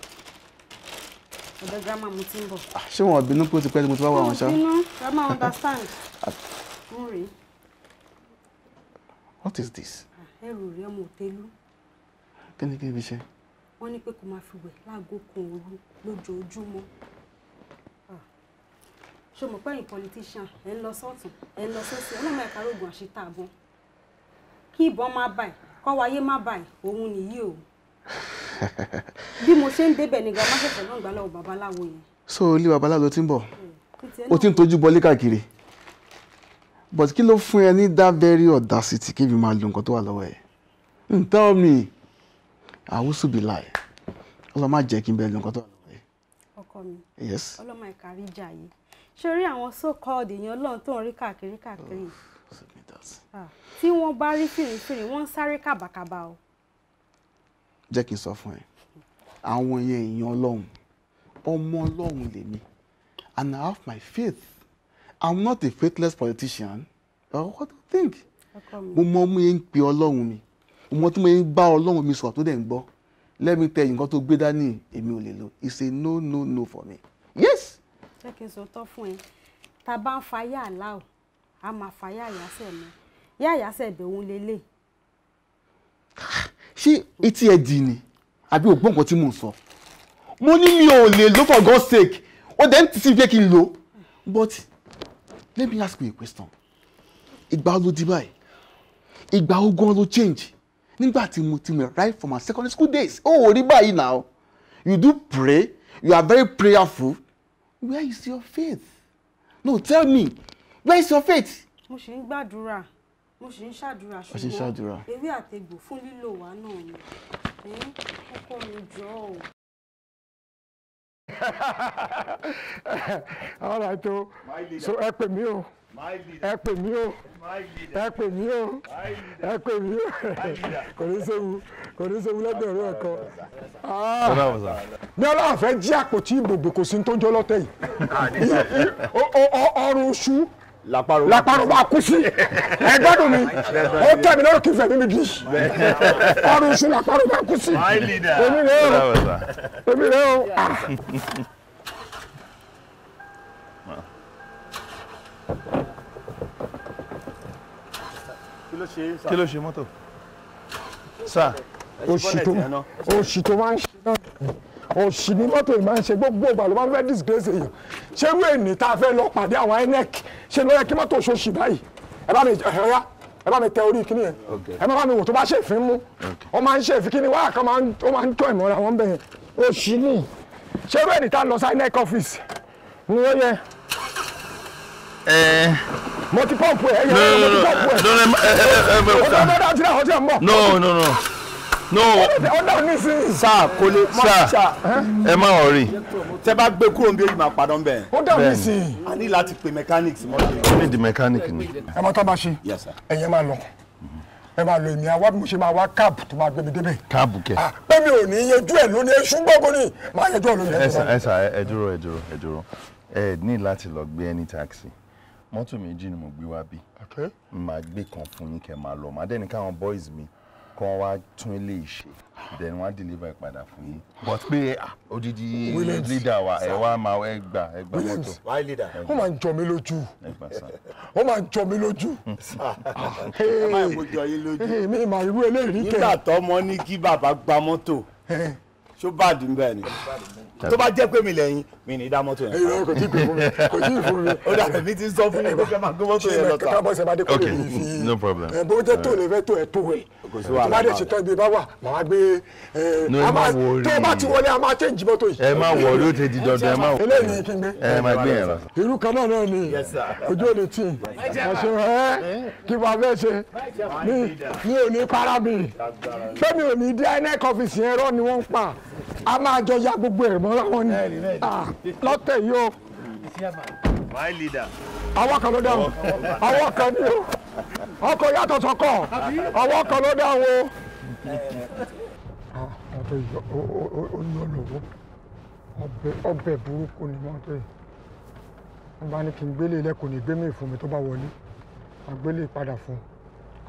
Ọ̀dọ̀ gírámà mo ti ń bọ̀. Ah, ṣé wọn ò bínú ti pẹ́ mo ti bá wà wọn ṣá? Mo bínú, understand. tún What is this? Ẹrù rẹ̀ ọmọ òtẹ́lú. Kí ni kí n ṣe? Wọ́n ní pé kó máa fi wẹ̀ láago kan òru lójoojúmọ́. Ṣé o mọ̀ pé politician ẹ̀ ń lọ sọ́tún ẹ̀ ń lọ sọ́sì ẹ̀ lọ́mọ ẹ̀ka rògùn àṣetà àbọ̀n. Kí ìbọn má báyìí kọ́ wáyé má báyìí òun nìyí o. Bí mo ṣe ń débẹ̀ ni gàmá náà gbà lọ́wọ́ babaláwo yẹn. So ilé babaláwo ló ti ń bọ̀? O hmm. ti ń tojú bọlé káàkiri but kí ló fún ẹ ní that very audacity kí ibi máa lo nǹkan tó wà lọ́wọ́ ẹ̀ n tell me àwùsù bí láì ọlọ́ má jẹ́ kí n bẹ lo nǹkan tó wà lọ́wọ́ ẹ̀. ọkọ mi ọlọ́mọ ẹ̀ka rí jà yìí ṣé rí àwọn so called èèyàn ọlọ́run tó ń rí káàkiri káàkiri oh, tí wọ́n bá rí fìrìfìrì wọ́n ń sáré kàbàkàbà o. jẹ́ kí n sọ fún ẹ àwọn èèyàn ọlọ́run ọmọ ọlọ́run lèmi and I have my faith i'm not a faithless politician ọ̀rọ̀ what do you think mo mọ mo yẹn ń pe ọlọ́run mi mo mọ tí mo yẹn ń bá ọlọ́run mi sọ̀rọ̀ tó dẹ̀ ń gbọ́ let me tell you nǹkan tó gbé dání èmi ò lè lò it's a no no no for me yes. jẹ́ kí n sọ tọ́ fún ẹ tá a bá ń fa yá àlá o a máa fa yá àyàsẹ̀ mi yá àyàsẹ̀ ẹ̀bẹ̀ òun lélẹ̀. ṣé etí ẹ dì ní àbí ògbọ́n nǹkan tí mò ń sọ mo ní mi ò lè lò for God's sake ó dẹ̀ ń tì sí pé kí n lò but let me ask you a question ìgbà ló di báyìí ìgbà ogun ló change nígbà tí mo ti mọ̀ right from my secondary school days ó ò rí báyìí now you do pray you are very prayerful where is your faith no tell me where is your faith. mo ṣì ń gbàdúrà mo ṣì ń ṣàdúrà ṣùgbọ́n ewé àtegbò fún lílò wa náà ni ọkọ mi jọ ọ́. all right o so ẹ pè mí o ẹ pè mí o ẹ pè mí o ẹ pè mí o kò ní séwu kò ní séwu lẹ́gbẹ̀rún Oh, oh, oh, fẹ́ jí àpótí ìbòbò kò sí ní tó ń jọ́ lọ́tẹ̀ yìí ah, ọrùn ṣú laparo laparo kú sí ẹ gbádùn mi ó tẹ̀mí lọ́rọ̀ kí n fẹ̀mí mi di ọrùn iṣu làpárò bá kú èmi rẹ o èmi rẹ o. Ah. kí ló ṣe mọ́tò sáà oṣù tó máa ń ṣe náà òṣì ni mọ́tò yìí máa ń ṣe gbogbo ìgbà ló máa ń fẹ́ disgrace èèyàn ṣé irú èèní tá a fẹ́ lọ pàdé àwọn INEC ṣe ló yẹ kí mọ́tò ṣoṣì báyìí ẹ bá mi ẹ̀yà ẹ bá mi tẹ orí kíní yẹn ẹ má bá mi wò tó bá ṣèfín mú ọ máa ń ṣèfín kíní wáyà kan ó máa ń tọ́ ìmọ̀ra wọn bẹ̀yẹn òṣì ṣé irú èèní tá a lọ sí INEC office ni ó yẹ mo ti pọ́ǹpù ẹ̀ ẹ̀yà ẹ̀ ọ̀dọ́ mẹ́ta ti rà ẹ̀ no sir kò lè sir ẹ má wọ rí. tẹ bá gbé kúrò níbi oyún máa padà ń bẹ. ó dà mí sí i. a ní láti pe mechanic mọ́tò. ó ní di mechanic ni. ẹ máa tọ́ bá ṣe ẹ̀yẹ máa lọ ẹ máa lo èmi àwa bí mo ṣe máa wá káàbù tó máa gbé mi débẹ̀. káàbù kẹ. Ah, pé mi ò ní yẹjú ẹ lónìí èṣù gbọ́gbọ́n ni máa yẹjú ẹ lónìí. ẹ sà ẹ sà ẹ dúró ẹ dúró ẹ dúró ẹ ní láti lọ gbé ẹni táàkì mọ́tò méjì ni mo gbé wá bí. màá gbé kan fún yín kẹ́ máa lọ màá dẹ́ni káwọn boys mi kọ́ wá tún eléyìí ṣe then wọ́n á deliver ìpadà fún yín but pé ah, odidi leader wa ẹ wá máa ẹ gbà ẹ Why leader? ó máa ń jọ mí lójú ó máa ń jọ mí lójú. ẹ máa ń jọ yín lójú. mi máa irú eléyìí rí kẹ́. nígbà tọ́mọ ní kí bàbá gba mọ́tò ṣó bàdùn bẹ́ẹ̀ ni tó bá jẹ́ pé mi lẹ́yìn mi ní dá mọ́tò yẹn. èyí kò tí ì pè fún mi kò tí ì fún mi. ó dàbí mi ti sọ fún mi pé máa gbé mọ́tò yẹn lọ́ta. kábọ̀ ṣe máa dé kúrò yìí fi no problem. ẹ bó jẹ́ tó lè fẹ́ tó ẹ̀ tó ẹ̀. kò sí wàhálà máa dé bá wà no ẹ ti wọlé a máa change mọ́tò yìí. ẹ má wọrí ó ti di dandan ẹ má wọrí. eléyìí kí n ẹ má gbé yẹn lọ. irú kan náà ni ojú ò lè tì kí wàá fẹ́ ṣe mi ò ní para mi pé ò ní dí inec office ni wọ́n ń pa a máa jọ ya gbogbo ẹ̀ mọ́ra wọn ni. Ah lọ́tẹ̀ yìí o. my leader. àwọn kan ló dáhùn àwọn kan ni o ọkọ̀ yàtọ̀ sọ́kọ̀ àwọn kan ló dáhùn o. Ah, ọbẹ̀ burúkú ni mọ́tò yìí wọ́n bá ní kí n gbélé ilẹ̀ ní gbé mi tó bá wọlé àgbélé padà fún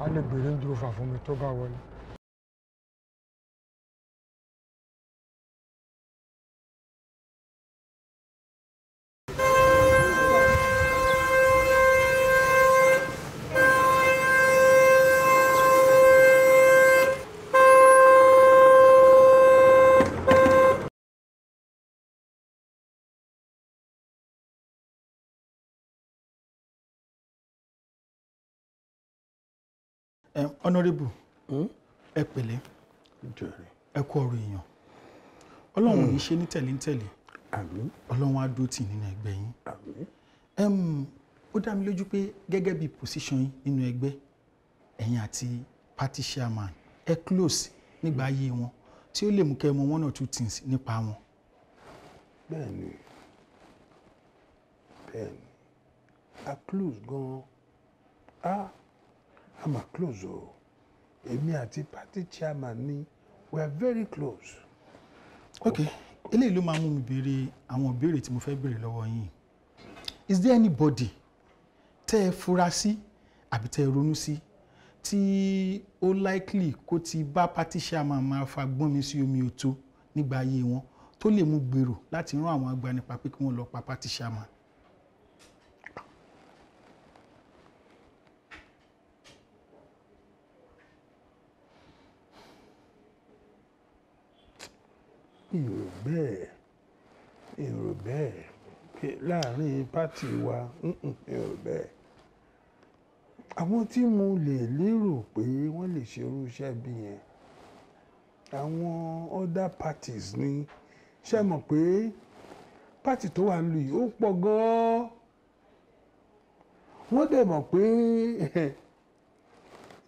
un á lè gbèrè ń dúró fà fún mi tó bá wọlé. honourable hmm? ẹ pẹ̀lẹ́ ẹ kú ọ̀rọ̀ èèyàn ọlọ́run ò ní hmm. ṣe ní tẹ̀léńtẹ̀lé ọlọ́run á nínú ẹgbẹ́ yín ó dá mi lójú pé gẹ́gẹ́ bí position yín nínú ẹgbẹ́ ẹ̀yin àti party chairman ẹ close nígbà ayé wọn tí ó lè mú kẹ́ ẹ mọ one or two things nípa wọn. bẹ́ẹ̀ni bẹ́ẹ̀ni a close gan-an a close o èmi àti party chairman ni we are very close. Okay. eléyìí ló máa mú mi béèrè àwọn ìbéèrè tí mo fẹ́ béèrè lọ́wọ́ yín is there anybody tẹ́ ẹ fura sí àbí tẹ́ ẹ ronú sí tí ó likely kó ti bá party chairman máa fa gbọ́n mi sí omi òtó nígbà ayé wọn tó lè mú gbèrò láti rán àwọn agbanipa pé kí wọ́n lọ pa party chairman. èrò bẹ́ẹ̀ èrò bẹ́ẹ̀ láàrin pátì wa èrò bẹ́ẹ̀ àwọn tí mo lè lérò pé wọ́n lè ṣerú iṣẹ́ bí yẹn àwọn other parties ni ṣe mọ̀ pé pátì tó wà lù yìí ó pọ̀ gan-an wọ́n dẹ̀ mọ̀ pé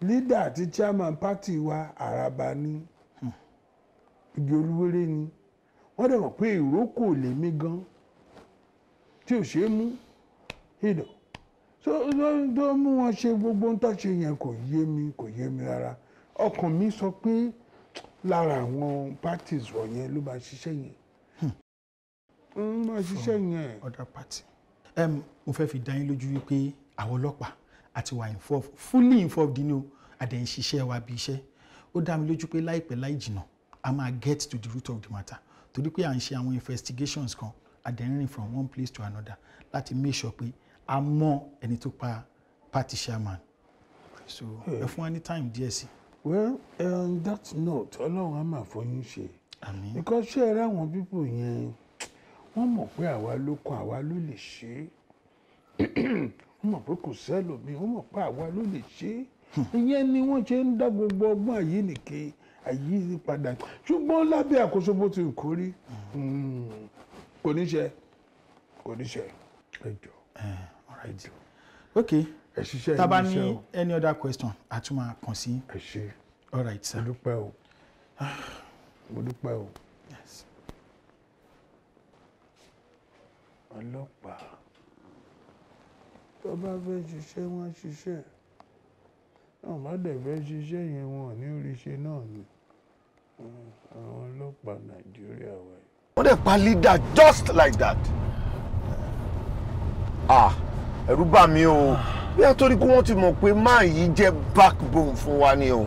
lídà àti chairman pátì wa àràbà ni igi olúwéré ni wọ́n dẹ̀ mọ̀ pé ìrókò lèmi gan tí ò ṣeé mú ìdọ̀ tó tó mú wọn ṣe gbogbo ń tàṣe yẹn kò yé mi kò yé mi rárá ọkàn mi sọ pé lára àwọn parties wọ̀nyẹn ló bá ṣiṣẹ́ yẹn ń hmm. bá ṣiṣẹ́ hmm. yẹn. other party mo fẹ́ fi dá yín lójú wípé àwọn ọlọ́pàá àti wà involved fully involved nínú àdéhùn ṣiṣẹ́ wa bí iṣẹ́ ó dá mi lójú pé láìpẹ́ láì jìnnà a máa get to the root of the matter torí pé à ń ṣe àwọn investigations kan adẹ́rìn from one place to another láti make sure pé a mọ ẹni tó pa party chairman so ẹ fún wa ní time díẹ̀ sí. well on that note ọlọ́run á máa fọyín ṣe because ṣé ẹ ráwọn pípò yẹn wọ́n mọ̀ pé àwa ló kan àwa ló lè ṣe é wọ́n mọ̀ pé kò sẹ́lòmíì wọ́n mọ̀ pé àwa ló lè ṣe é hmm. ìyẹn ni wọ́n ṣe ń dá gbogbo ọgbọ́n àyíníke àyípadà ṣùgbọ́n lábẹ́ àkóso bó ti kó rí kò ní ṣe kò ní ṣe. ok ẹ ní any other question a kàn sí. ẹ ṣe all o mo o. ọlọ́pàá tó bá fẹ́ ṣiṣẹ́ wọ́n ṣiṣẹ́. Tán bá dẹ̀ fẹ́ ṣiṣẹ́ yẹn wọn ò ní rí ṣe náà ni. Àwọn ọlọ́pàá Nàìjíríà wa Wọ́n dẹ̀ pa leader just like that. Ah, ẹ̀rù bà o. Bí a torí kí wọ́n ti mọ̀ pé máà yìí jẹ́ backbone fún wa ni o.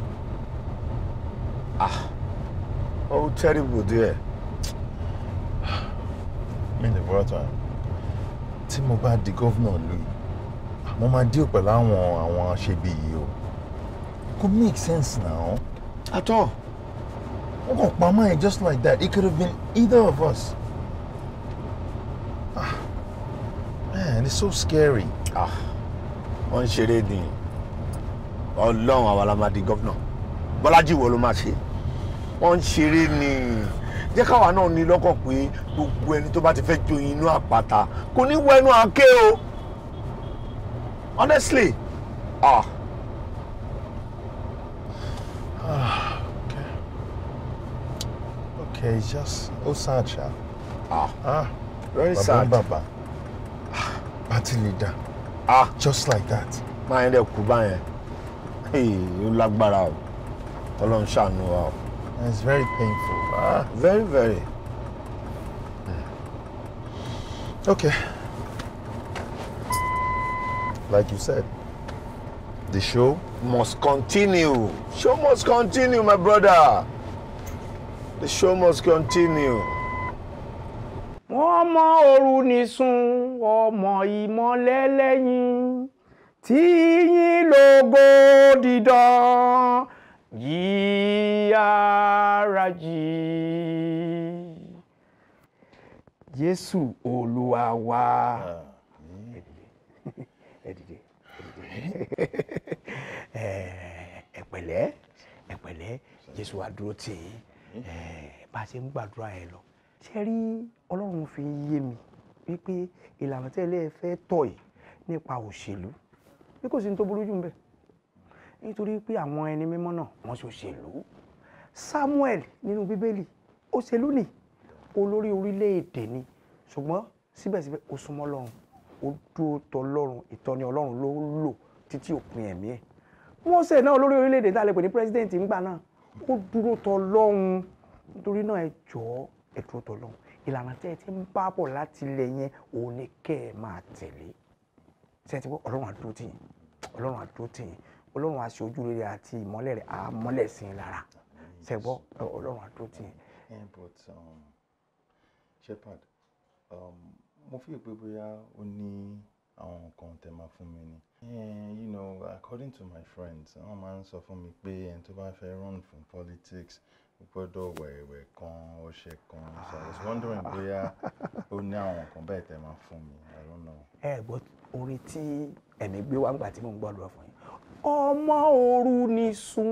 Ah, oh terrible there. Mi ni bọ́tà, tí mo bá di gómìnà lóyún, mo máa díò pẹ̀lú àwọn àwọn aṣebi yìí o. Could make sense now at all wọ́n kàn pa mọ́ just like that it could have been either of us ah man it's so scary. ah One ń ṣeré ni ọlọ́run àwọn alamadi gọ́fìnà bọ́lájì wo ló máa ṣe wọ́n ń ṣeré ni jẹ́ káwa náà ní lọ́kàn pé gbogbo ẹni tó bá ti fẹ́ joyin inú àpáta kò ní honestly ah. okay, it's just ó sad ah ah very sad bàbá Baba, ah party leader. ah just like that. máa ń dẹ̀ kú báyẹn ó lágbára o ọlọ́run ṣàánú wa o. it's very painful. ah very very. Hmm. okay like you said the show must continue show must continue my brother. The show must continue. Wọ́n mọ òru nìsun, ọmọ ìmọ́lẹ̀ lẹ́yìn, tí yín lógo dídán, yí ara jì. Jésù Olúwa wa. Ẹ dìde, ẹ dìde. Ẹ pẹ̀lẹ́, ẹ pẹ̀lẹ́, Jésù wa dúró tì yín bá a ṣe ń gbàdúrà ẹ lọ ṣe rí ọlọ́run fi yé mi wípé ìlànà tẹ́lẹ̀ fẹ́ tọ̀ yìí nípa òṣèlú bí kò sí ní tó burú jù ń bẹ̀ nítorí pé àwọn ẹni mímọ́ náà wọ́n ṣe òṣèlú Samuel nínú bíbélì òṣèlú ni olórí orílẹ̀-èdè ni ṣùgbọ́n síbẹ̀síbẹ̀ ó súnmọ́ ọlọ́run ó dúró tọ ọlọ́run ìtọ́ni ọlọ́run ló lò títí òpin ẹ̀mí ẹ̀ wọ́n ṣe náà olórí orílẹ̀-èdè tá a lè pè ní pírẹ́sidẹ̀ntì ńgbà náà ó dúró tọ lọ́hùn nítorí náà ẹ jọ̀ọ́ ẹ dúró tọ lọ́hùn ìlànà tí ẹ ti ń bá bọ̀ láti ilẹ̀ yẹn òun ni kẹ́ ẹ máa tẹ̀lé ṣe ti wọ́n ọlọ́run àdúró tì yín ọlọ́run àdúró tì yín ọlọ́run àṣẹ ojú rere àti ìmọ́lẹ̀ rẹ̀ àmọ́lẹ̀ sí i lára ṣe gbọ́ ọlọ́run àdúró tì yín. Eh, but um, shepherd um, mo fi ìpè bóyá ó ní àwọn nǹkan tẹ̀ máa fún mi ni. Eh, you know, according to my friends, wọ́n máa ń sọ fún mi pé ẹni tó bá fẹ́ run fún politics ó gbọ́dọ̀ wẹ̀wẹ̀ kan, ọṣẹ kan. So I was wondering ah. bóyá ó ní àwọn nǹkan bẹ́ẹ̀ tẹ́ máa fún mi. I don't know. Ẹ gbọ́ orin tí ẹ̀mí gbé wá nígbà tí mò ń gbọ́dọ̀ fún yín. Ọmọ òru ni sùn,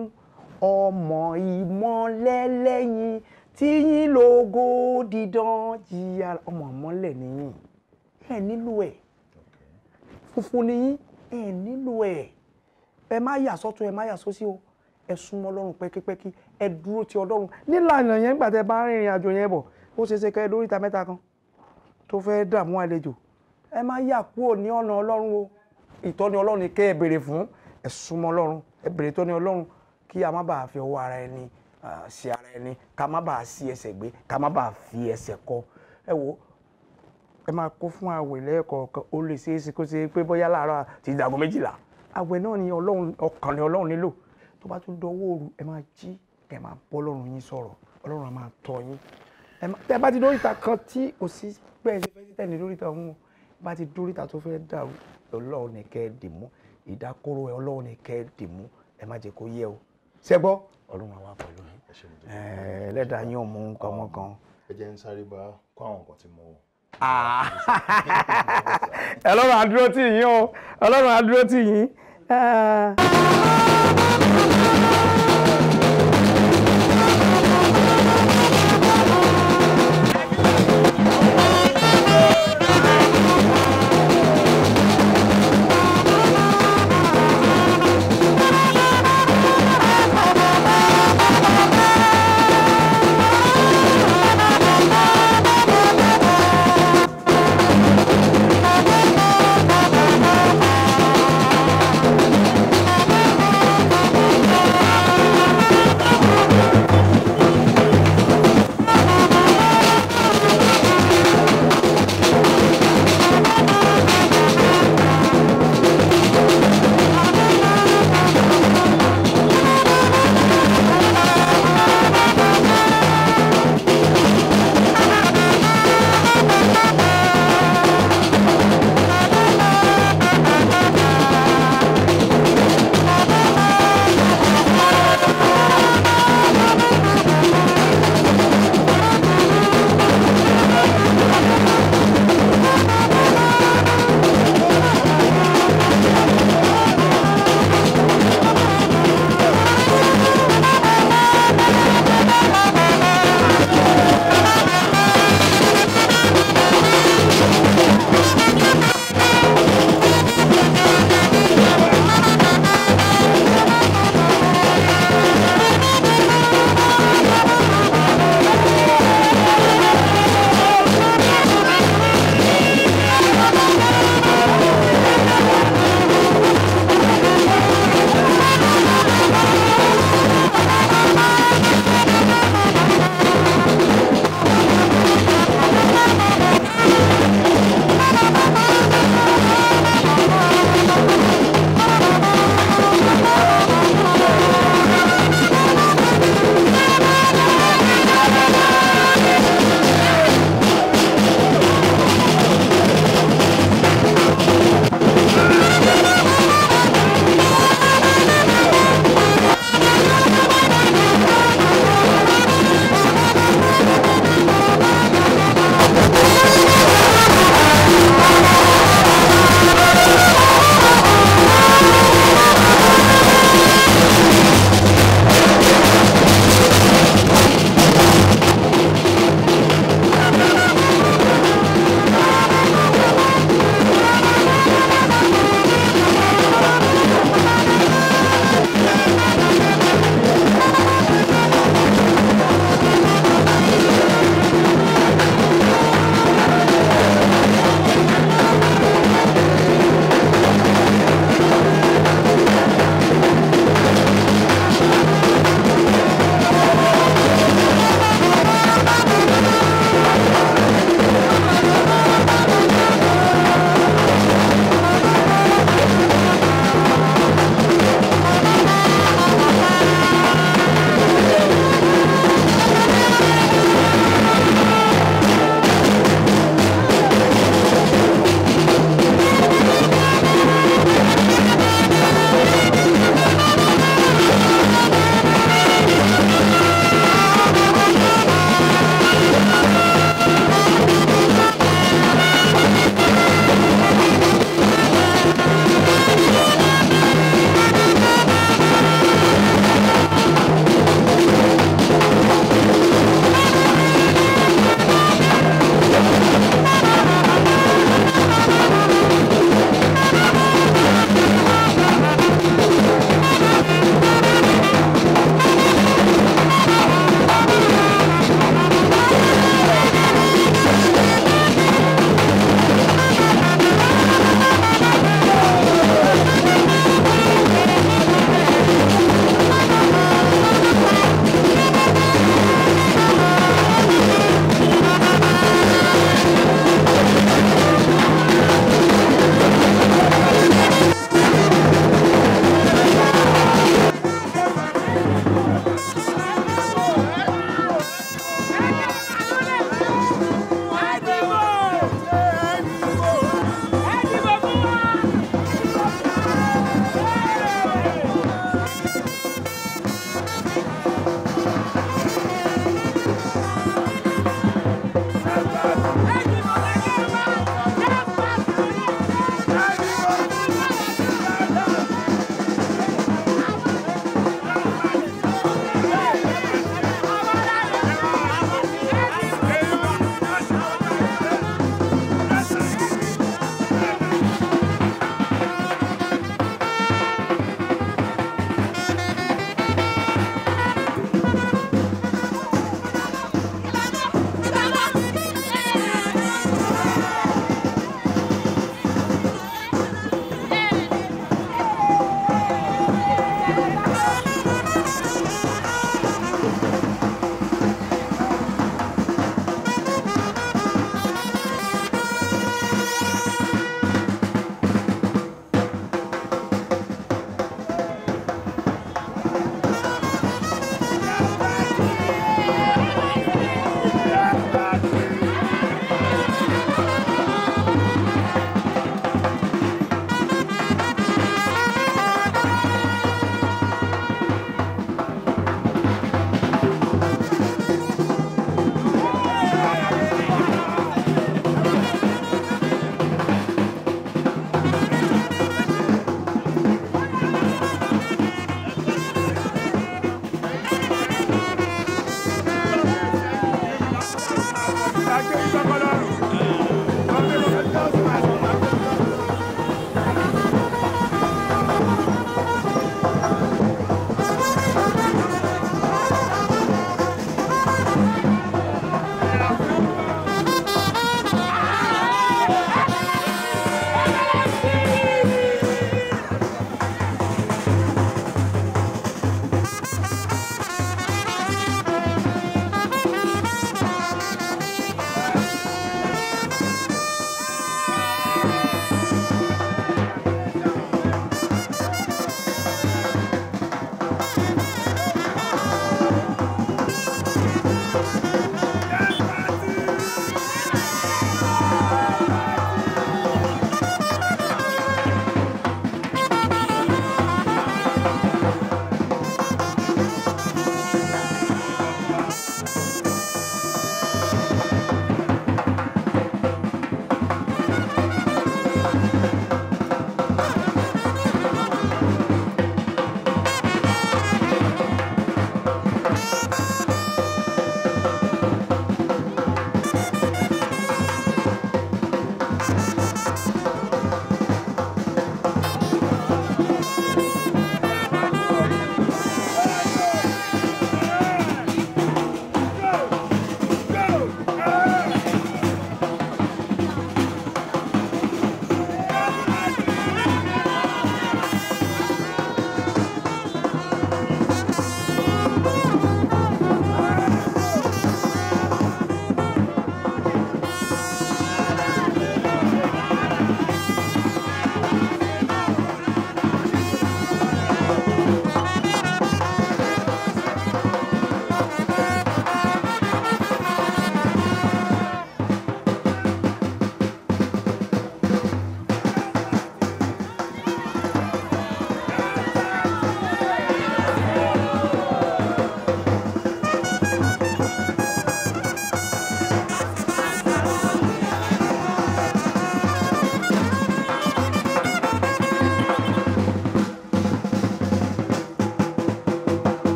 ọmọ ìmọ̀lẹ̀ lẹ́yìn tí yín lógo dídán jìyà ọmọ ìmọ̀lẹ̀ nìyí. Ẹ nílò ẹ̀ funfun ni yín. ẹ nílò e! ẹ má yà sọ́tún ẹ má yà sósì o ẹ súnmọ́ ọlọ́run ẹ dúró ti ọlọ́run nílànà yẹn gbà bá rìnrìn àjò yẹn bọ̀ ó ṣeé ṣe kẹ́ ìta kan tó dààmú àlejò ẹ má yà kúrò ní ọ̀nà ọlọ́run o ìtọ́ni ọlọ́run ni ẹ béèrè fún ẹ súnmọ́ ọlọ́run ẹ béèrè tọ́ni fi ọwọ́ ara ẹni ara ẹni ká má sí ẹsẹ̀ gbé ká má fi ẹsẹ̀ ẹ máa kó fún àwẹ̀ lẹ́ẹ̀kọ̀ọ̀kan ó lè ṣeé ṣe kó ṣe pé bóyá láàárọ̀ ti dàgbọ́ méjìlá àwẹ̀ náà ni ọlọ́run ọkàn ni ọlọ́run nílò tó bá tún dọwọ́ òru ẹ máa jí ẹ máa bọ́ ọlọ́run yín sọ̀rọ̀ ọlọ́run á máa tọ́ yín tẹ bá ti dóríta kan tí kò sí bẹ́ẹ̀ ṣe fẹ́ tẹ̀lé dóríta ọ̀hún bá ti dóríta tó fẹ́ dàrú ọlọ́run ní kẹ́ ẹ dì mú ìdákóró ẹ ọlọ́run ní kẹ́ ẹ dì mú má jẹ́ kó yẹ o ṣẹ́gbọ́ ọlọ́run àwa pẹ̀lú ẹ jẹ́ ń sáré bá kó àwọn nǹkan tí mo ọlọ́run ah. á dúró tì yín o ọlọ́run á dúró tì yín. Eh.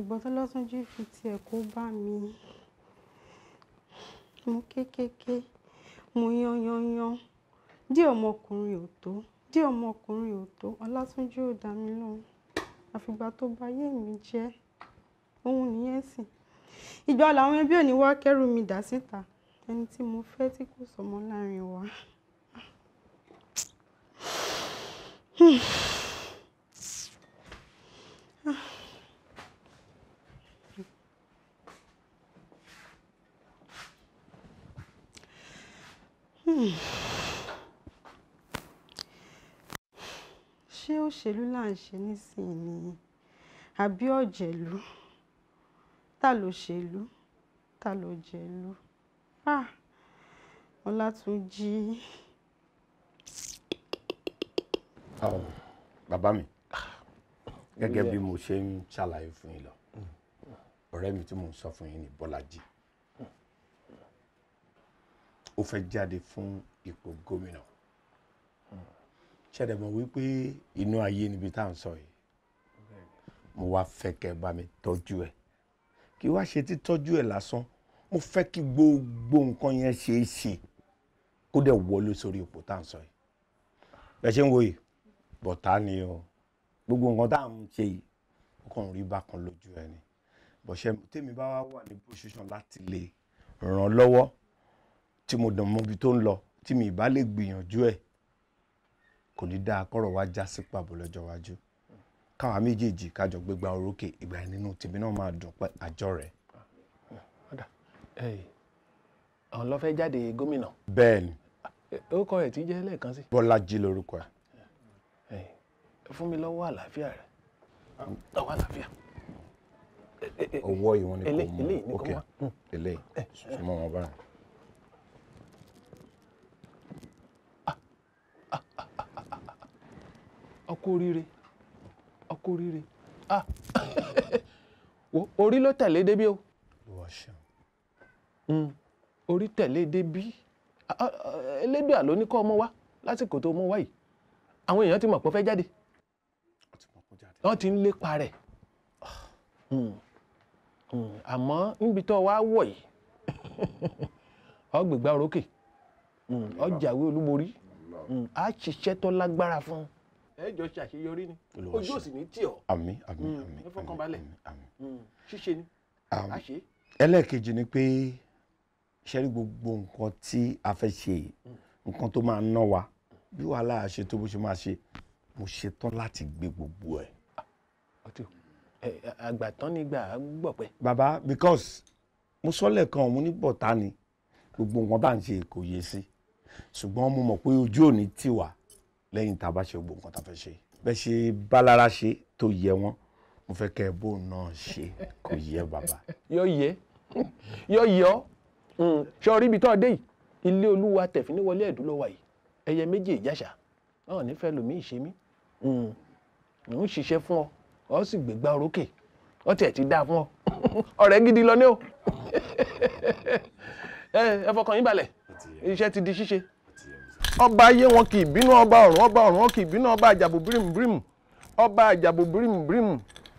ṣùgbọ́n Tọ́lọ́túnjí fi tiẹ̀ kó bá mi mú kékéké mú yányányán díẹ̀ ọmọkùnrin ò tó díẹ̀ ọmọkùnrin ò tó Ọlátúnjí ò dá mi lóhùn àfìgbà tó bà ayé mi jẹ́ òun nìyẹn sì ìjọ làwọn ẹbí ò ní wá kẹ́rù mi dà síta ẹni tí mo fẹ́ tí kò sọmọ láàrin wa. Hmm. ṣé òṣèlú là ń ṣe nísìnyí ni àbí ọ̀jẹ̀lú ta ló ṣèlú ta ló jẹ̀lú ah Ọlátúnjí. bàbá mi gẹ́gẹ́ bí mo ṣe ń ṣàlàyé fún yín lọ ọ̀rẹ́ mi tí mò ń sọ fún yín ni Bọ́lájí ó fẹ́ jáde fún ipò gómìnà ṣẹ̀dẹ̀ mọ̀ wípé inú ayé níbi tá à ń sọ yìí mo wá fẹ́ kẹ́ bá mi tọ́jú ẹ̀ kí wá ṣe tí tọ́jú ẹ̀ lásán mo fẹ́ kí gbogbo nǹkan yẹn ṣe é ṣe kó dẹ̀ wọlé sórí ipò tá à ń sọ yìí bẹ́ẹ̀ ṣe ń wo yìí bọ̀tá ni o gbogbo nǹkan tá à ń ṣe yìí ó kàn rí bákan lójú ẹ ni bọ̀ṣẹ́ tèmi bá wà ní position láti lè ràn lọ́wọ́ tí mo dàn mọ́bi tó ń lọ tí mi ìbá lè gbìyànjú ẹ̀ kò ní dáa kọ́rọ̀ wá já sí pàbó lọ́jọ́ iwájú káwa méjèèjì kájọ gbégbá orókè ìgbà nínú tèmi náà máa dùn pé àjọ rẹ̀. àwọn lọ fẹ́ jáde gómìnà. bẹ́ẹ̀ni. orúkọ ẹ̀ tí jẹ́ lẹ́ẹ̀kan sí. Bọ́lájí lorúkọ ẹ̀. fún mi lọ́wọ́ àlàáfíà rẹ̀ lọ́wọ́ àlàáfíà. ọwọ́ ìwọ̀n ni kò mú ok eléyìí súnmọ́ wọn báyìí. ọkọ oríire ọkọ oríire ah orí ló tẹ̀lé débí o hmm. orí tẹ̀lé débí ah, ah, ah, Elédùà ló ní kọ́ ọmọ wá lásìkò tó mú wá yìí àwọn èèyàn ti mọ̀ pé ó fẹ́ jáde wọ́n ti ń lépa rẹ̀ hmm. Hmm. àmọ́ níbi tó wá wọ̀ yìí ọgbẹ̀gbà orókè ọjàwé olúborí a ṣiṣẹ́ tó lágbára fún un ẹ jọ ṣe àṣeyọrí ni ojú òsì ní tì ọ àmín àmín hmm, àmín ẹ fọkàn balẹ̀ hmm, ṣíṣe ni a ṣe. ẹlẹ́ẹ̀kejì ni pé ṣẹ́rí gbogbo nǹkan tí a fẹ́ ṣe hmm. nǹkan tó máa ná wa bí wàhálà ṣe tó bó ṣe máa ṣe mo ṣetán láti gbé gbogbo ẹ̀. àgbà ni gbà á gbọ̀ pẹ́. bàbá because mo sọ́lẹ̀ kan mo ní bọ̀tá ni gbogbo nǹkan bá ń ṣe kò yé sí ṣùgbọ́n mo mọ̀ pé ojú òní tì wá lẹ́yìn tá a bá ṣe gbogbo nǹkan tá a fẹ́ ṣe bẹ́ẹ̀ ṣe bálára ṣe tó yẹ wọ́n mo fẹ́ kẹ́ ẹ bó náà ṣe kò yẹ bàbá. yọ yẹ yọ yọ ṣọ rí ibi tó dé yìí ilé olúwa tẹ̀fín ní wọlé ẹ̀dùn lọ́wọ́ yìí ẹyẹ méjì ìjàṣà náà nífẹ̀ẹ́ lomi ìṣe mí mm. ń ṣiṣẹ́ fún ọ ọ sì gbégbá orókè ọ tiẹ̀ ti dáa fún ọ ọ̀rẹ́ gidi lọ ní o ẹ fọkàn yín balẹ̀ iṣẹ́ ti di ṣíṣe ọba ayé wọn kì í bínú ọba ọ̀run ọba ọ̀run wọn kì í bínú ọba àjàbò bírímùbírímù ọba àjàbò bírímùbírímù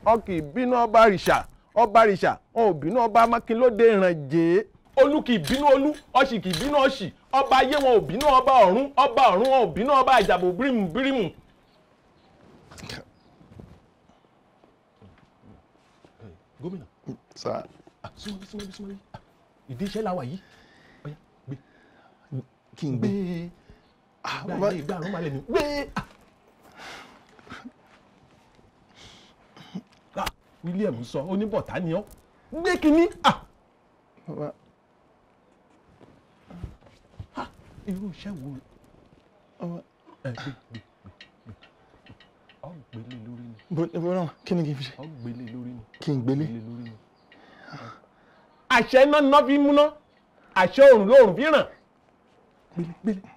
wọn kì í bínú ọba àrìṣà ọba àrìṣà wọn ò bínú ọba amákinlóde ìrànjẹ́ olú kì í bínú olú ọ̀ṣì kì í bínú ọ̀ṣì ọba ayé wọn ò bínú ọba ọ̀run ọba ọ̀run wọn ò bínú ọba àjàbò bírímùbírímù. gómìnà ah, súnmọ́ bí ìdí iṣẹ́ làwà yìí kí n gbé gbà lè gbà rún malẹ̀ mi gbé. William sọ oníbọ̀tá ni ọ́ gbé kínní. Ah. Ah, irú iṣẹ́ wo ẹ gbé gbé ọ̀gbélé lórí ni. bọ́lá kí ni kí n fi ṣe. ọ̀gbélé lórí ni. kí n gbélé. àṣẹ iná ni iná fi ń múná àṣẹ òrùn lóòrùn fi ràn. gbélé gbélé.